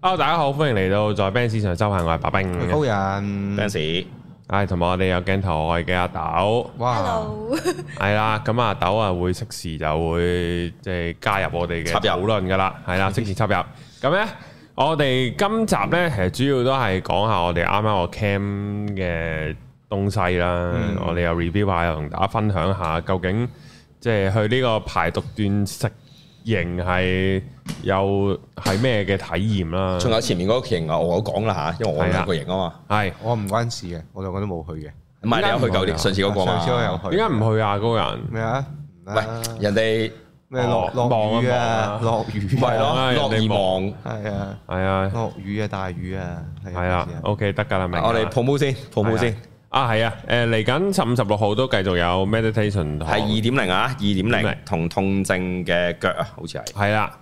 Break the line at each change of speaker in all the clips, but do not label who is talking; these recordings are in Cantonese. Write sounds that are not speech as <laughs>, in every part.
Hello 大家好，歡迎嚟到在 Benz 上修行，我係白兵高人 Benz，唉，同埋我哋有鏡頭外嘅阿豆，哇，係啦， <laughs> 咁阿豆啊，會即時就會即係加入我哋嘅討論噶啦，係啦，即時插入。咁咧， <laughs> 我哋今集咧其實主要都係講下我哋啱啱個 Cam 嘅東西啦，嗯、我哋又 review 下，又同大家分享下究竟即係去呢個排毒斷食。型係有係咩嘅
體驗啦？仲有前面嗰個型啊，我都講啦吓，因為我有個型啊嘛。係我唔關事
嘅，
我兩個都冇去
嘅。
唔係你有去舊年上次嗰個嘛？上次我有
去？點
解唔去啊？嗰個人咩啊？唔係人哋咩落落雨啊？落雨係咯，落雨忙係啊係啊，落雨啊大雨啊係啊。OK 得㗎啦，明我哋 promo 先 promo 先。啊，係啊，誒，嚟緊十五十六號都繼續有 meditation，係二點零啊，二點零同痛症嘅腳啊，好似係，係啦，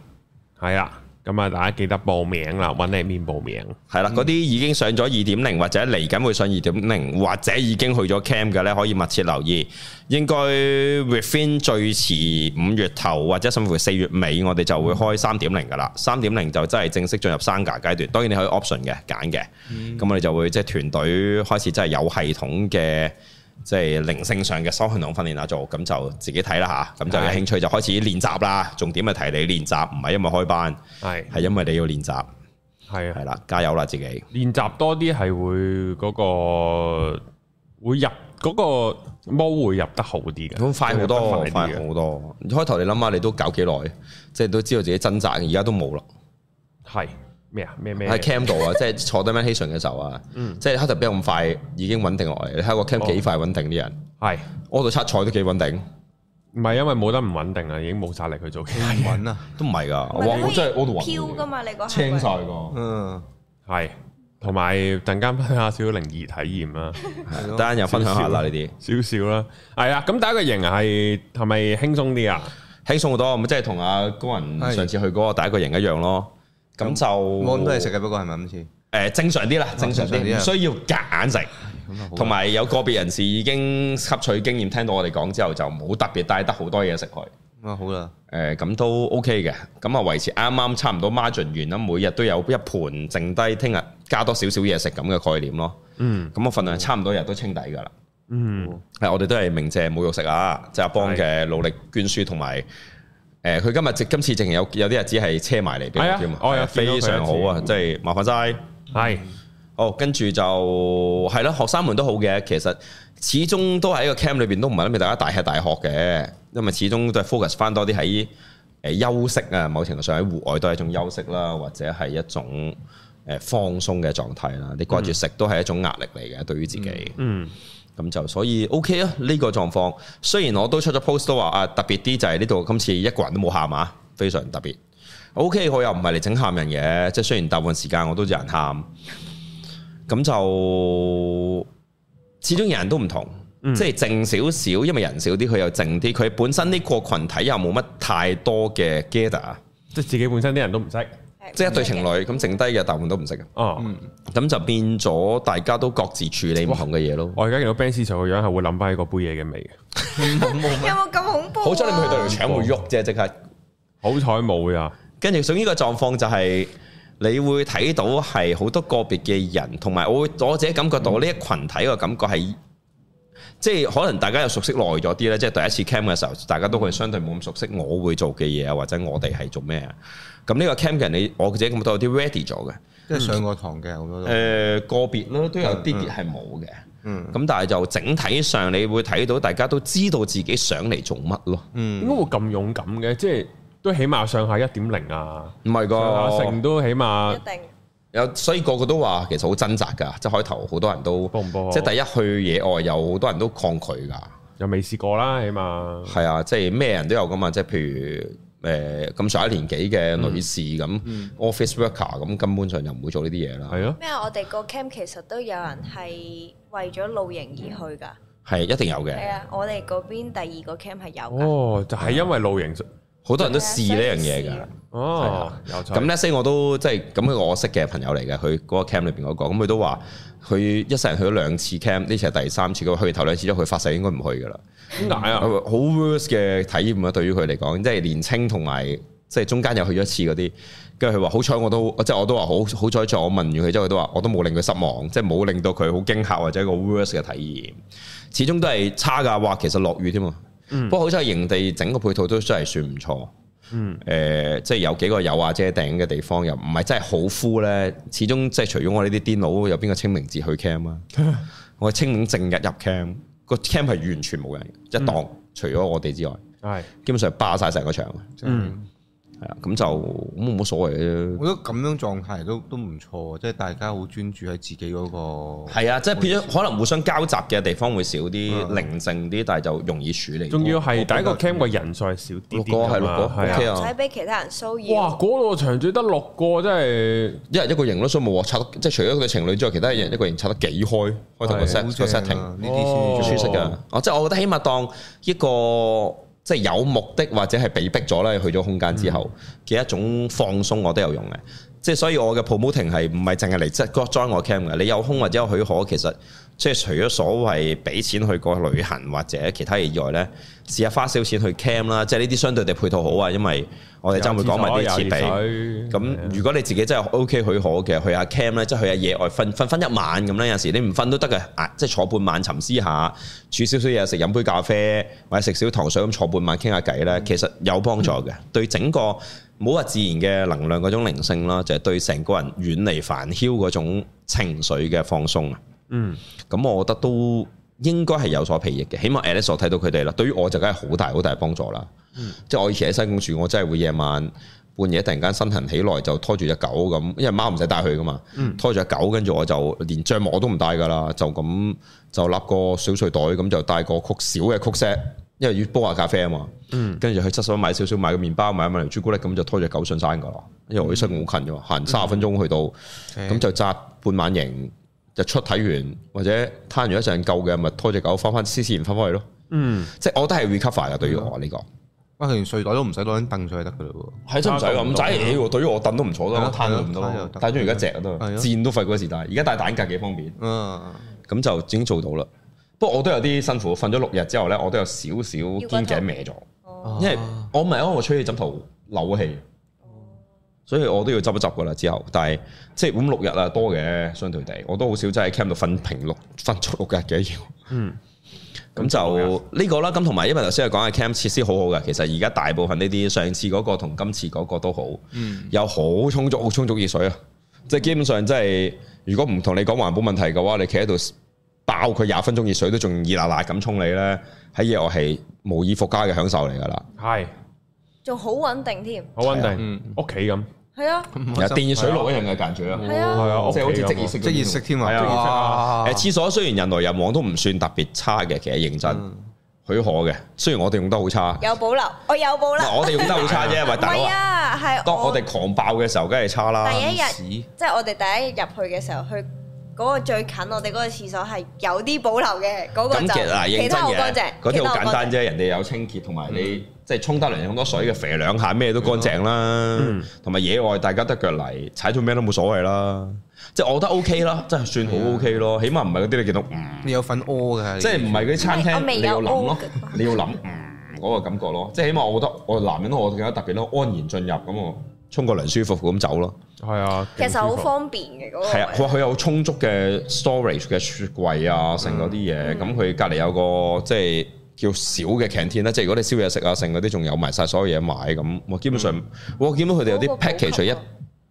係啦。咁啊！大家記得
報名啦，揾你面報名。係啦，嗰啲已經上咗二點零或者嚟緊會上二點零，或者已經去咗 c a m 嘅咧，可以密切留意。應該 r e f i n 最遲五月頭或者甚至乎四月尾，我哋就會開三點零噶啦。三點零就真係正式進入三 i 階段。當然你可以 option 嘅，揀嘅、嗯。咁我哋就會即係、就是、團隊開始真係有系統嘅。即係靈性上嘅修行同訓練下做，咁就自己睇啦吓，咁就有興趣就開始練習啦。的重點係提你練習，唔係因為開班，係係的因為你要練習，係係啦，加油啦自己！練習多啲係會嗰、那個會入嗰、那個模會入得好啲嘅，咁、嗯、快好多，快好多。開頭你諗下，你都搞幾耐，即係都知道自己掙扎，而家都冇啦，係。
咩啊？咩咩喺 camp 度啊！即
係坐 dimension 嘅時候啊，即係 h a 比較咁快，已經穩定落嚟。你睇個 camp 幾快穩定啲人？係屙到七彩都幾穩定，唔係因為冇得唔穩定啊，已經冇晒力去做。係穩啊，都唔係噶，我真係我度噶嘛？你
講清晒，嗯，
係同埋陣間分享下少少靈異體驗啦，
等陣又分享下啦呢啲，
少少啦。係啊，咁第一個營係係咪輕
鬆啲啊？輕鬆好多，即係同阿高人上次去嗰個第一個營一樣咯。咁、嗯、就冇咁多嘢食嘅，不過係咪咁先，誒正常啲啦，正常啲，啊、常需要夾硬食。同埋有，有個別人士已經吸取經驗，聽到我哋講之後就冇特別帶得好多嘢食去，咁啊好啦。誒咁、呃、都 OK 嘅，咁啊維持啱啱差唔多 margin 完啦，每日都有一盤剩低，聽日加多少少嘢食咁嘅概念咯。嗯。咁我份量差唔多日都清底㗎啦。嗯。係、嗯嗯、我哋都係明謝冇肉食啊，就係、阿邦嘅努力捐輸同埋。誒，佢、欸、今日即今次，淨係有有啲日子係車埋嚟俾我添啊！啊非常好啊，即係麻煩晒。係是，哦，跟住就係咯、啊，學生們都好嘅。其實始終都喺個 camp 裏邊都唔係諗住大家大吃大喝嘅，因為始終都係 focus 翻多啲喺誒休息啊。某程度上喺戶外都係一種休息啦，或者係一種誒放鬆嘅狀態啦。你掛住食都係一種壓力嚟嘅，嗯、對於自己。
嗯。嗯
咁就所以 OK 啊，呢個狀況雖然我都出咗 post 都話啊，特別啲就係呢度今次一個人都冇喊啊，非常特別。OK，我又唔係嚟整喊人嘅，即係雖然大部分時間我都有人喊，咁就始終人都唔同，嗯、即係靜少少，因為人少啲，佢又靜啲，佢本身呢個群體又冇乜太多嘅 gather，嗯、即係自己本身啲人都唔識。即係一對情侶，咁行剩低嘅大部分都唔識嘅。哦、嗯，咁就變咗大家都各自處理唔同嘅嘢咯。我而家見到 Ben Sir 個樣係會諗翻起個杯嘢嘅味
嘅。 <laughs> <laughs> 有冇咁恐怖啊？好彩你唔去到嚟請冇
喐啫，即係好彩冇呀。啊、跟住，所以呢個狀況就係、是、你會睇到係好多個別嘅人，同埋我我自己感覺到呢一群體嘅感覺係。嗯。即係可能大家又熟悉耐咗啲咧，即係第一次 camp 嘅時候，大家都會相對冇咁熟悉我會做嘅嘢啊，或者我哋係做咩啊？咁呢個 camp 嘅人，你我自己咁都有啲 ready 咗嘅，即係上過堂嘅好多。誒、呃、個別咯，都有啲嘢係冇嘅。嗯。咁但係就整體上，你會睇到大家都知道自己想嚟做乜咯。嗯。點
解會咁勇敢嘅，即係都起碼上下一點
零啊。唔係個成都起碼有，所以個個都話其實好掙扎㗎，即係開頭好多人都，播唔播好？即係第一去野外有好多人都抗拒㗎，又未試過啦，起碼係啊，即係咩人都有㗎嘛，即係譬如誒咁、呃、上一年紀嘅女士咁，office worker 咁根本上就唔會做呢啲嘢啦，係咯。
咩啊？我哋個 camp 其實都有人係為咗露營而去㗎，係
一定有嘅。係
啊，我哋嗰邊第二個 camp 係有
嘅。哦，就係、是、因為露營。好多人都試呢樣嘢㗎，哦，有咁呢一聲我都即係咁佢我識嘅朋友嚟嘅，佢嗰個 camp 裏邊嗰個，咁佢都話佢一世人去咗兩次 camp，呢次係第三次，佢去頭兩次之後佢發誓應該唔去㗎啦，點解啊？好 worse 嘅體驗啊，對於佢嚟講，即係年青同埋即係中間又去咗一次嗰啲，跟住佢話好彩我都即係我都話好好彩在，我問完佢之後，佢都話我都冇令佢失望，即係冇令到佢好驚嚇或者好 worse 嘅體驗，始終都係差㗎，話其實落雨添啊。嗯、不過好彩營地整個配套都真係算唔錯，嗯，誒、呃，即係有幾個有瓦遮頂嘅地方，又唔係真係好枯咧。始終即係除咗我呢啲癲佬，有邊個清明節去 camp 啊？嗯、我清明正日入 camp，個 camp 係完全冇人，一檔、嗯、除咗我哋之外，
係、
嗯、基本上霸晒成個場。嗯嗯。係啊，咁就冇乜所謂嘅。我覺得咁樣
狀態都都唔錯，即係大家好專注喺自己嗰個。係啊，即係變咗可能互
相交集嘅地方會少啲，寧靜啲，但係就容易處理。仲要係第一個 cam 嘅人再少啲，六個係六個 OK 啊，唔使
俾其他人騷擾。哇，
嗰個場最得六個，真係一一個型咯，所以冇拆即係除咗佢嘅情侶之外，其他一人一個人拆得幾開開頭個 set setting 呢啲先先識㗎。哦，即係我覺得起碼當一個。即係有目的或者係被逼咗啦，去咗空間之後嘅一種放鬆，我都有用嘅。即係所以，我嘅 promoting 係唔係淨係嚟即係 join 我 camp 嘅？你有空或者有許可，其實即係除咗所謂俾錢去過旅行或者其他以外咧，試下花少少錢去 camp 啦。即係呢啲相對地配套好啊，因為我哋真會講埋啲設備。咁如果你自己真係 OK 許可，嘅去下 camp 咧，即係去下野外瞓瞓瞓一晚咁咧。有時你唔瞓都得嘅，即係坐半晚沉思下，煮少少嘢食，飲杯咖啡或者食少糖水咁坐半晚傾下偈咧，其實有幫助嘅，對整個。冇話自然嘅能量嗰種靈性啦，就係、是、對成個人遠離煩囂嗰種情緒嘅放鬆啊。嗯，咁我覺得都應該係有所裨益嘅。起碼 Alice 所睇到佢哋啦，對於我就梗係好大好大幫助啦。嗯，即係我以前喺西貢住，我真係會夜晚半夜突然間身痕起來就拖住隻狗咁，因為貓唔使帶佢噶嘛，拖住隻狗跟住我就連帳幕都唔帶噶啦，就咁就笠個小睡袋咁就帶個小曲小嘅曲石。因為要煲下咖啡啊嘛，跟住去七十蚊買少少買個麵包，買一買朱古力，咁就拖隻狗上山噶啦。因為我啲新屋好近啫，行三十分鐘去到，咁就紮半晚營，就出睇完或者攤完一陣夠嘅，咪拖隻狗翻翻斯斯然翻翻去咯。嗯，即係我都係 recover 啊，對於我呢個，佢連睡袋都唔使攞張凳上去得噶啦喎，喺真唔使咁仔擠，對於我凳都唔坐得，我攤唔到，攤咗而家只都，箭都廢過時帶，而家帶蛋夾幾方便，嗯，咁就已經做到啦。不過我都有啲辛苦，瞓咗六日之後咧，我都有少少肩頸歪咗，啊、因為我唔係因為我出去枕頭扭氣，啊、所以我都要執一執噶啦。之後，但係即係五六日啊，多嘅相對地，我都好少真係 camp 度瞓平六瞓足六日嘅要。嗯，咁 <laughs> 就呢個啦。咁同埋因為頭先又講係 camp 設施好好嘅，其實而家大部分呢啲上次嗰個同今次嗰個都好，嗯、有好充足好充足熱水啊！即係基本上、就係，即係如果唔同你講環保問題嘅話，你企喺度。爆佢廿分鐘熱水都仲熱辣辣咁沖你咧，喺夜我係無以復加嘅享受嚟噶啦。係，
仲好穩定添。好穩
定，屋企咁。係啊。電熱水爐一樣嘅間住啊。係啊，即係好似即熱式，即熱式添啊。哇！誒，廁所雖然人來人往都唔算特別差嘅，其實認真許可嘅。雖然我哋用得好差。
有保留，我有保留。我哋用得好差啫，喂，大佬啊。唔係啊，係當我哋
狂爆嘅時候，梗係差啦。第一日，
即係我哋第一日入去嘅時候去。嗰個最近我哋嗰個廁所係有啲保留嘅，嗰個就其他好乾淨，嗰啲好簡單
啫。人哋有清潔，同埋你即係沖得涼，咁多水嘅肥兩下，咩都乾淨啦。同埋野外大家得腳嚟踩到咩都冇所謂啦。即係我覺得 OK 啦，真係算好 OK 咯。起碼唔係嗰啲你見到你有份屙嘅，即係唔係嗰啲餐廳你要諗咯，你要諗嗯嗰個感覺咯。即係起碼我覺得我男人我覺得特別都安然進入咁，我沖個涼舒服咁走咯。係啊，其實好方
便嘅嗰個係
啊，佢話佢有充足嘅 storage 嘅雪櫃啊，剩嗰啲嘢，咁佢隔離有個即係、就是、叫小嘅 canteen 啦，嗯、即係如果你燒嘢食啊，剩嗰啲仲有埋晒所有嘢買咁，我基本上我見到佢哋有啲 package，就一、啊、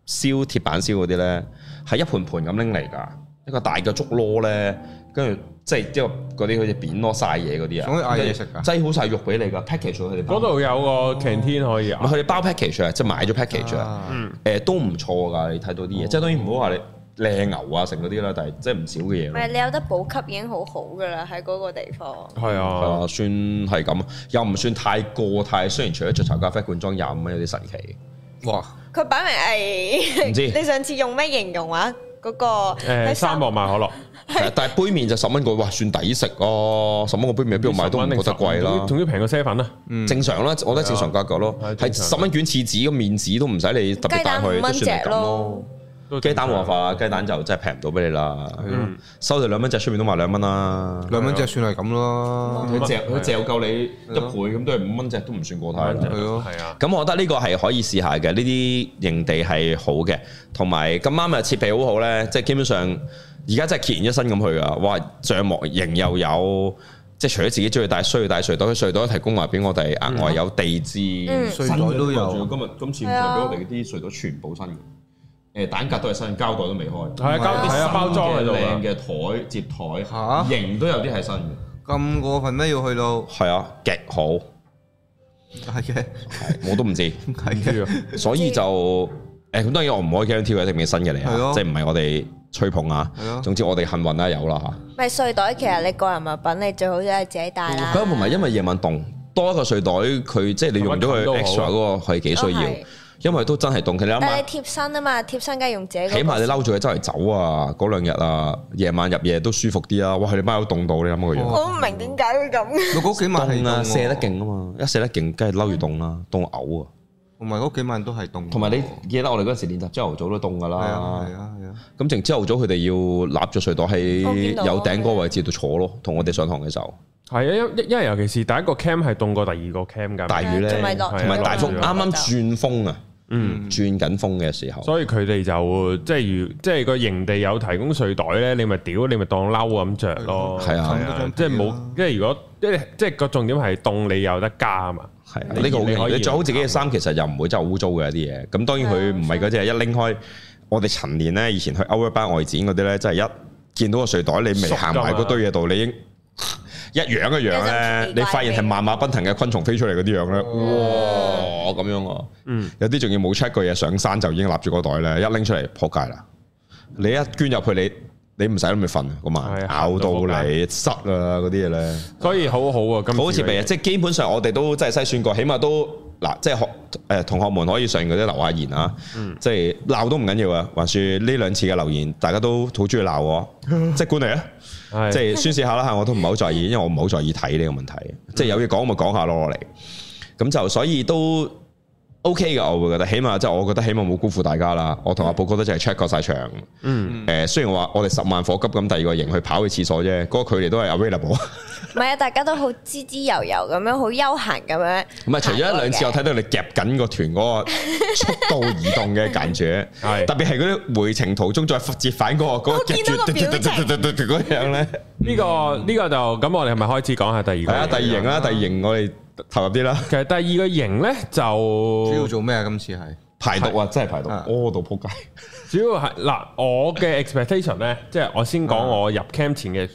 燒鐵板燒嗰啲咧係一盤盤咁拎嚟㗎。一個大嘅竹籮咧，跟住即係即嗰啲好似扁籮晒嘢嗰啲啊，整嗌嘢食噶，擠好晒肉俾你噶，package 咗佢哋。嗰度有個 canteen 可以。啊。唔係佢哋包 package 啊，即係買咗 package 啊，誒都唔錯㗎，你睇到啲嘢，嗯、即係當然唔好話你靚牛啊，成嗰啲啦，嗯、但係即係唔少嘅嘢。唔
係你有得補給已經好好㗎啦，喺嗰個地方。
係啊，啊，算係咁，又唔算太過太。雖然除咗雀巢咖啡罐裝廿五蚊有啲神奇。哇！
佢擺明係， <laughs> 你上次用咩形容話？嗰個
三和賣可樂，但係杯麪就十蚊個，哇算抵食哦！十蚊個杯麪喺邊度買都唔覺得貴啦，仲要平過 seven 啊，正常啦，我覺得正常價格咯，係十蚊卷廁紙個麪紙都唔使你特別帶去都算係咁咯。雞蛋冇辦法，雞蛋就真係平唔到俾你啦。收到兩蚊隻，出面都賣兩蚊啦。兩蚊隻算係咁咯，佢隻一隻夠你一倍咁，都係五蚊隻都唔算過頭。係咯，係啊。咁我覺得呢個係可以試下嘅，呢啲營地係好嘅，同埋咁啱又設備好好咧，即係基本上而家真係孑然一身咁去啊！哇，帳幕營又有，即係除咗自己中意帶，需要帶睡袋，睡袋提供埋俾我哋啊，額外有地氈，睡袋都有。今日今次唔係俾我哋啲睡袋全部新。誒蛋格都係新，膠袋都未開。係啊，膠袋係啊，包裝喺度。靚嘅台接台嚇，型都有啲係新
嘅。咁過分咩？要去到
係啊，極好。係嘅，我都唔知。所以就誒，咁當然我唔可以 guarantee，一定係新嘅嚟。啊，即係唔係我哋吹捧啊。總之我哋幸運啦，有啦嚇。
咪睡袋其實你個人物品你最好都係自己帶啦。咁
唔係因為夜晚凍多一個睡袋，佢即係你用咗佢 extra 嗰個係幾需要。因為都真係凍，其實
貼身啊嘛，貼身梗係用自己。起碼你
嬲住佢周圍走啊，嗰兩日啊，夜晚入夜都舒服啲啊！哇，佢哋媽有凍到你咁嘅樣。我
唔明點解會咁。嗰幾晚係啊，射得
勁啊嘛，一射得勁梗係嬲住凍啦，凍到嘔啊！同埋嗰幾晚都係凍。同埋你記得我哋嗰時練習朝頭早都凍㗎啦。係啊係啊係啊！咁成朝頭早佢哋要立着睡袋喺有頂嗰個位置度坐咯，同我哋上堂嘅時候。
係啊，因因為尤其是第一個 cam 係凍過第二個 cam 㗎，大雨咧，同埋大風，啱啱轉
風啊！嗯，轉緊風嘅時候，所以佢哋就
會即係如即係個營地有提供睡袋咧，你咪屌，你咪當嬲咁着咯，係啊，即
係冇，即係如果即係即係個重點係凍你有得加啊嘛，係啊的，呢個好勁，你着好自己嘅衫其實又唔會真係污糟嘅一啲嘢，咁當然佢唔係嗰隻一拎開，我哋陳年咧以前去歐一班外展嗰啲咧，即係一見到個睡袋你未行埋嗰堆嘢度，你，熟的 你應。 <laughs> 一樣嘅樣咧，乖乖乖你發現係萬馬奔騰嘅昆蟲飛出嚟嗰啲樣咧，哇咁樣啊，嗯有有，有啲仲要冇 check 過嘢上山就已經立住個袋咧，一拎出嚟撲街啦。你一捐入去，你你唔使咁去瞓咁慢，咬到你到塞啊嗰啲嘢咧，呢所以好好啊，咁好似未啊，即係基本上我哋都真係篩算過，起碼都。嗱，即係學誒，同學們可以上嗰啲留言啊，嗯，即係鬧都唔緊要啊，還說呢兩次嘅留言，大家都好中意鬧我， <laughs> 即係管理啊，即係宣洩下啦，我都唔好在意，因為我唔好在意睇呢個問題，即係有嘢講我咪講下咯嚟，咁就所以都。OK 嘅，我會覺得，起碼即係我覺得，起碼冇辜負大家啦。我同阿寶哥都就係 check 過晒場。嗯，誒、呃，雖然我話我哋十萬火急咁第二個營去跑去廁所啫，嗰個距離都係 available，
唔係啊，大家都好滋滋悠悠咁樣，好悠閒咁樣。
唔係，除咗一兩次，我睇到你夾緊個團嗰個速度移動嘅感覺，係特別係嗰啲回程途中再復折返嗰個嗰個劇度嗰樣咧。呢、嗯這個呢、
這個就咁，我哋係咪開始講下第二個、嗯。係啊，第二營啦，第二營我哋。投入啲啦。其實第二個型咧就主要做咩啊？今次係排毒啊，真係排毒。
屙到仆街。
主要係嗱，我嘅 expectation 咧，即係我先講我入 camp 前嘅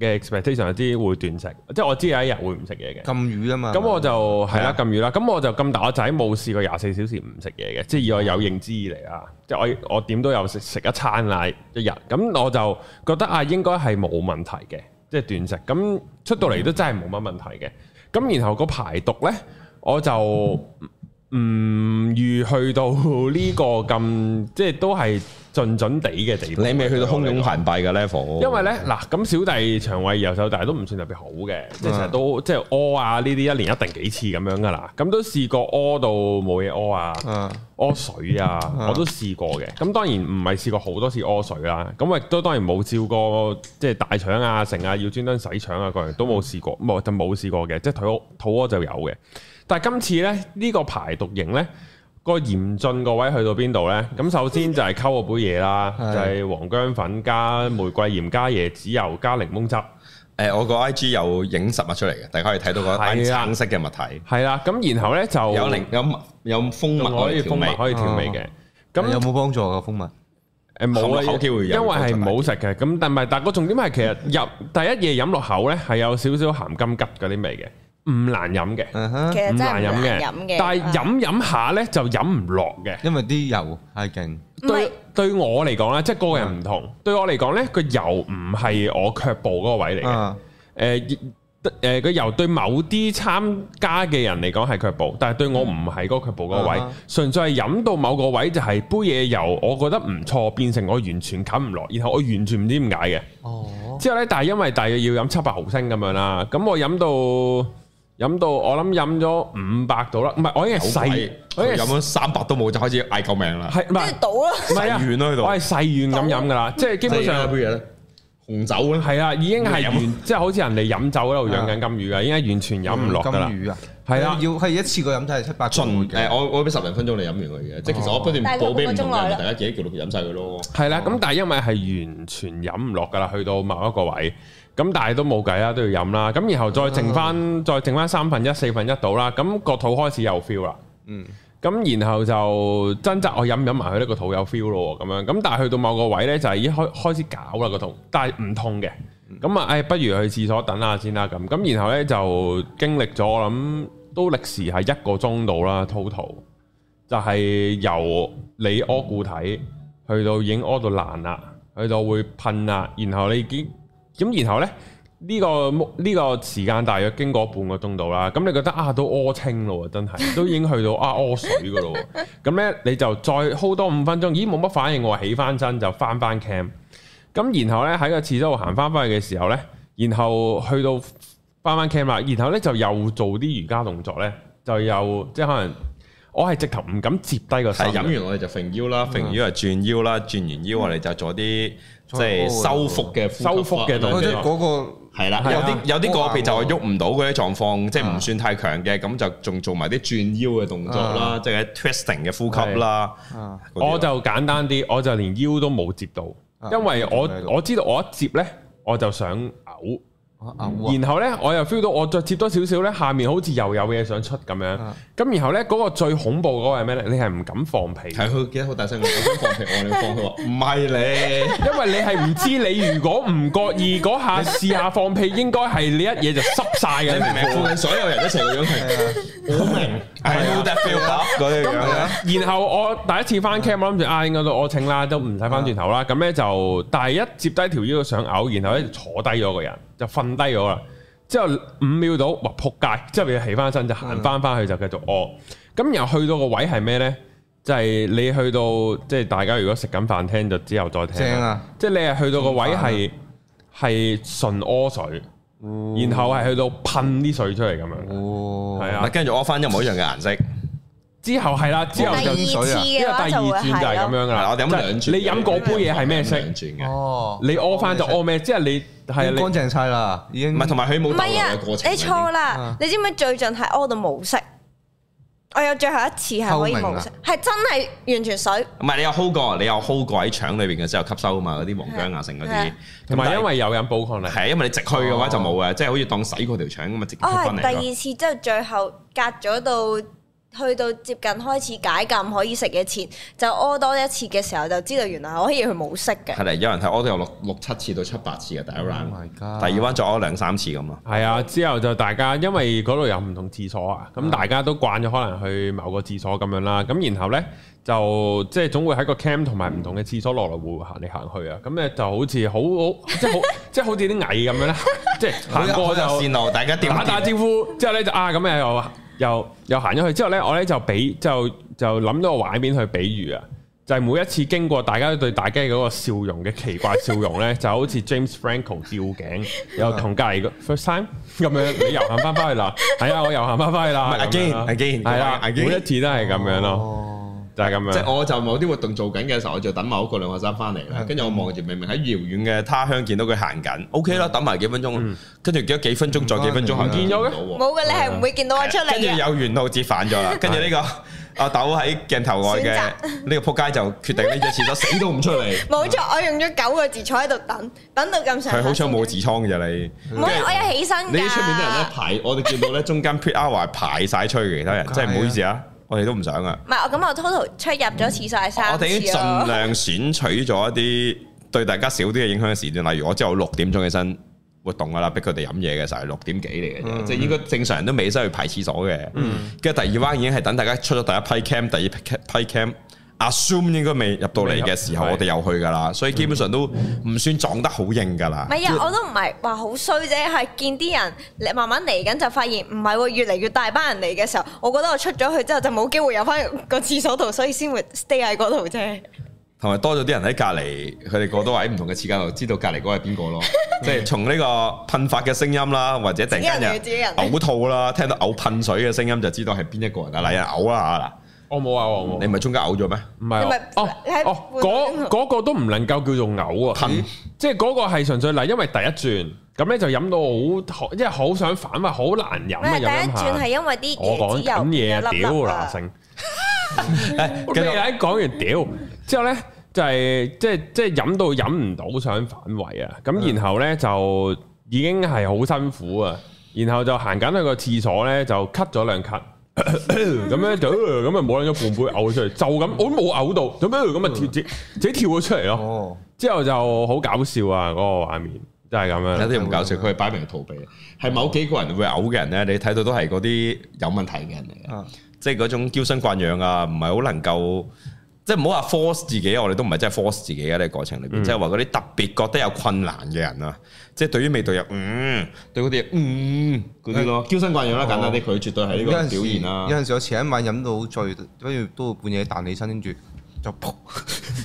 嘅 expectation 有啲會斷食，即係，啊，我知有一日會唔食嘢嘅。禁語啊嘛。咁我就係啦，禁語啦。咁我就咁大個仔冇試過廿四小時唔食嘢嘅，即係以我有認知嚟啊。即係我我點都有食食一餐奶一日。咁我就覺得啊，應該係冇問題嘅，即係斷食。咁出到嚟都真係冇乜問題嘅。嗯。咁然後個排毒呢，我就唔預去到呢個咁，即係都係。準準地嘅地方，你未去到洶湧澎湃嘅 level。因為咧，嗱咁小弟腸胃右手，大都唔算特別好嘅，即係成日都即係屙啊呢啲，一年一定幾次咁樣噶啦。咁都試過屙到冇嘢屙啊，屙水啊，我都試過嘅。咁當然唔係試過好多次屙水啦。咁亦都當然冇照過即係大腸啊、成啊，要專登洗腸啊各樣都冇試過，冇就冇試過嘅。即係肚屙、肚屙就有嘅。但係今次咧呢個排毒營咧。個嚴峻個位去到邊度咧？咁首先就係溝我杯嘢啦，就係黃薑粉加玫瑰鹽加椰子油加檸檬汁。
誒，我個 IG 有影實物出嚟嘅，大家可以睇到嗰一班橙色嘅物體。
係啦，咁然後咧就有
有有蜂蜜可以調味，可以調味嘅。
咁有冇幫助個蜂蜜？誒，冇啦，好機會，因為係唔好食嘅。咁但係，但個重點係其實入第一嘢飲落口咧，係有少少鹹柑桔嗰啲味嘅。唔難飲嘅，唔難飲嘅，但係飲飲下呢就飲唔落嘅，因為啲油太勁。是對，對我嚟講咧，即係個人唔同。對我嚟講呢個、啊、個油唔係我卻步嗰個位嚟嘅。誒、啊，誒、呃，個、呃、油對某啲參加嘅人嚟講係卻步，但係對我唔係嗰個卻步嗰個位，純、啊、粹係飲到某個位就係杯嘢油，我覺得唔錯，變成我完全冚唔落，然後我完全唔知點解嘅。哦、之後呢，但係因為大約要飲七百毫升咁樣啦，咁我飲到。飲到我諗飲咗五百度啦，唔係我已經細，我係飲咗
三百度冇就開始嗌救命啦。係
唔係？倒啦，細軟啦，佢我係細軟咁飲噶啦，即係基本上杯嘢咧，紅酒咧。係啊，已經係完，即係好似人哋飲酒嗰度養緊金魚㗎，已經係完全飲唔落㗎啦。係啦，要係一次過飲晒係七八樽。誒，我我俾十零分鐘你飲完佢嘅，即係其實我不斷補俾唔同嘅，大家自己叫到佢飲晒佢咯。係啦，咁但係因為係完全飲唔落㗎啦，去到某一個位。咁但係都冇計啦，都要飲啦。咁然後再剩翻，啊、再剩翻三分一、四分一到啦。咁個肚開始有 feel 啦。嗯。咁然後就掙扎，我飲飲埋佢呢個肚有 feel 咯。咁樣咁，但係去到某個位呢，就係已經開開始搞啦個肚。但係唔痛嘅。咁啊、嗯，哎，不如去廁所等下先啦。咁咁，然後呢，就經歷咗，我諗都歷時係一個鐘度啦。total 就係由你屙固體去到已經屙到爛啦，去到會噴啦，然後你已經。咁然後呢，呢個呢個時間大約經過半個鐘度啦。咁、嗯、你覺得啊，都屙清咯，真係都已經去到啊屙水噶咯。咁 <laughs> 呢，你就再 hold 多五分鐘，咦，冇乜反應喎，起翻身就翻翻 cam。咁然後呢，喺個廁所度行翻翻去嘅時候呢，然後去到翻翻 cam 啦，然後呢，就又做啲瑜伽動作呢，就又即係可能我係直頭唔敢接低個手。係飲完
我哋就揈腰啦，揈腰就轉腰啦，轉完腰我哋就做啲。嗯即係收腹嘅呼吸，即係嗰個係啦。有啲有啲個別就係喐唔到嗰啲狀況，即係唔算太強嘅，咁就仲做埋啲轉腰嘅動作啦，即係 twisting 嘅呼吸啦。我就簡單啲，我就
連腰都冇接到，因為我我知道我一接咧，我就想嘔。然後呢，我又 feel 到我再接多少少呢，下面好似又有嘢想出咁樣。咁然後呢，嗰個最恐怖嗰個係咩呢？你係唔敢放屁。係，佢記得好大聲，唔敢放屁。我話你放，佢話唔係你，因為你係唔知你如果唔覺意嗰下試下放屁，應該係你一嘢就濕晒嘅。你明唔明？附近 <laughs> 所有人一齊個樣係，我明、 <laughs> 啊。 <laughs> 係，嗰隻 f e 嗰隻樣，然後我第一次翻 cam，我諗住嗌，應該都屙清啦，都唔使翻轉頭啦。咁呢 <laughs> 就，但係一接低條腰想嘔，然後咧坐低咗個人，就瞓低咗啦。之後五秒到，哇扑街！之後又起翻身，就行翻翻去就繼續屙。咁 <laughs> 然後去到個位係咩呢？就係、是、你去到，即、就、係、是、大家如果食緊飯聽就之後再聽。正啊！即係、啊、你係去到個位係係純屙水。然後係去到噴啲水出嚟咁樣，係啊，跟住屙翻一模一樣嘅顏色。之後係啦，之後就水啊，因為第二轉就係咁樣啦。我哋飲兩轉，你飲嗰杯嘢係咩色？哦，你屙翻就屙咩？即係你係乾淨晒啦，已
經唔係同埋佢冇任何過程。你錯啦，
你知唔知最近係屙到模式？我有最後一次係可以冇色，係、啊、真係完全水。
唔係你有 hold 過，你有 hold 過喺腸裏邊嘅時候吸收啊嘛，嗰啲黃薑啊剩嗰啲。同埋因為有人補抗，係因為你直去嘅話就冇嘅，哦、即係好似當洗過條腸咁啊。直接第二
次之後最後隔咗到。去到接近開始解禁可以食嘅前，就屙多一次嘅時候，就知道原來可以去冇識嘅。係
啦，有人係屙到有六六七次到七八次嘅大 r 第二彎再屙兩三次咁啊。
係啊，之後就大家因為嗰度有唔同廁所啊，咁大家都慣咗可能去某個廁所咁樣啦，咁然後咧就即係總會喺個 camp 同埋唔同嘅廁所落落回回行嚟行去啊，咁咧就好似好 <laughs> 好即係好即係好似啲蟻咁樣咧，即
係行過就羨慕大
家點打，打招呼，之後咧就啊咁又。啊啊啊啊啊啊啊又又行咗去之後呢，我呢就比就就諗到個畫面去比喻啊，就係，是，每一次經過大家對大家嗰個笑容嘅奇怪笑容呢，就好似 James Franco 吊頸又同隔離個 first time 咁 <laughs> 樣，你又行翻翻去嗱，係啊， <laughs> 我又行翻翻去啦，again again 每一次都係咁樣咯。Oh. 就係咁樣，即係我
就某啲活動做緊嘅時候，我就等某一個兩學生翻嚟啦。跟住我望住，明明喺遙遠嘅他鄉見到佢行緊，OK 啦，等埋幾分鐘。跟住幾多幾分鐘再幾分鐘，唔見咗
冇嘅，你係唔會見到我出嚟。跟住
有緣到折反咗啦。跟住呢個阿豆喺鏡頭外嘅呢個仆街就決定呢隻廁所死都唔出嚟。冇錯，我
用咗九個字坐喺度等，等到咁長。佢好
彩冇痔瘡咋你？我我一起身。你出面啲人咧排，我哋見到咧中間撇阿華排晒出去其他人，真係唔好意思啊！我哋都唔想啊！
唔係，嗯，我咁我 total 出入咗次晒係我哋已盡
量選取咗一啲對大家少啲嘅影響時段，例如我朝頭六點鐘起身活動㗎啦，逼佢哋飲嘢嘅時候係六點幾嚟嘅啫，即係應該正常人都起身去排廁所嘅。跟住、嗯、第二 round 已經係等大家出咗第一批 camp，第二批 camp。Assume 應該未入到嚟嘅時候，入我哋又去噶啦，嗯、所以基本上都唔算撞得好硬噶啦。唔係啊，因為 我
都唔係話好衰啫，係見啲人慢慢嚟緊，就發現唔係喎，越嚟越大班人嚟嘅時候，我覺得我出咗去之後就冇機會有翻個廁所度，所以先會 stay 喺嗰度啫。
同埋多咗啲人喺隔離，佢哋個都喺唔同嘅廁間度，知道隔離嗰係邊個咯？ <laughs> 即係從呢個噴發嘅聲音啦，或者突然間嘅嘔、呃、吐啦，聽到嘔噴水嘅聲音就知道係邊一個人啊！嗱，人嘔啦嚇嗱。我冇、哦、啊！哦、啊你唔係中間嘔咗咩？唔係
哦哦，嗰嗰、哦哦嗰個都唔能夠叫做嘔啊！嗯、即係嗰個係純粹嗱，因為第一轉咁咧就飲到好，即係好想反胃，好難飲啊！第一轉係因為啲椰子油，我講飲嘢啊！屌嗱跟住喺講完屌之後咧就係、是、即係即係飲到飲唔到想反胃啊！咁然後咧就已經係好辛苦啊！然後就行緊去個廁所咧就咳咗兩咳。咁 <laughs> 樣就咁啊，冇飲咗半杯嘔出嚟，就咁我都冇嘔到，咁樣咁啊，跳自己自己跳咗出嚟咯。之後就好搞笑啊，嗰個畫面真係咁樣，有啲唔搞笑。佢係擺明
逃避，係某幾個人會嘔嘅人咧，你睇到都係嗰啲有問題嘅人嚟嘅，即係嗰種嬌生慣養啊，唔係好能夠。即係唔好話 force 自己，我哋都唔係真係 force 自己嘅呢個過程裏邊，嗯、即係話嗰啲特別覺得有困難嘅人啊，即係對於味道有嗯，對嗰啲嗯嗰啲、嗯、咯，嬌生慣養啦，哦、簡單啲，佢絕對係呢個表現啦。有陣
時，我前一晚飲到好醉，跟住都會半夜彈起身跟住。等等 <laughs> 就噗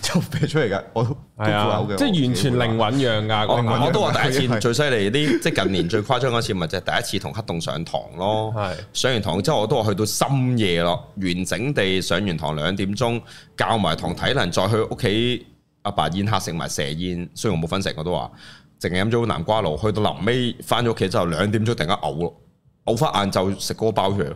就撇出嚟噶，
我都係啊！即係完全靈魂養噶。 <laughs> 我我都話第一次最犀利啲， <laughs> 即係近年最誇張嗰次，咪就係第一次同黑洞上堂咯。係 <laughs> 上完堂之後，我都話去到深夜咯，完整地上完堂兩點鐘，教埋堂體能，再去屋企阿爸宴客食埋蛇宴。雖然我冇分食，我都話淨係飲咗南瓜露。去到臨尾翻咗屋企之後，兩點鐘突然間嘔咯，嘔翻晏晝食個包出嚟。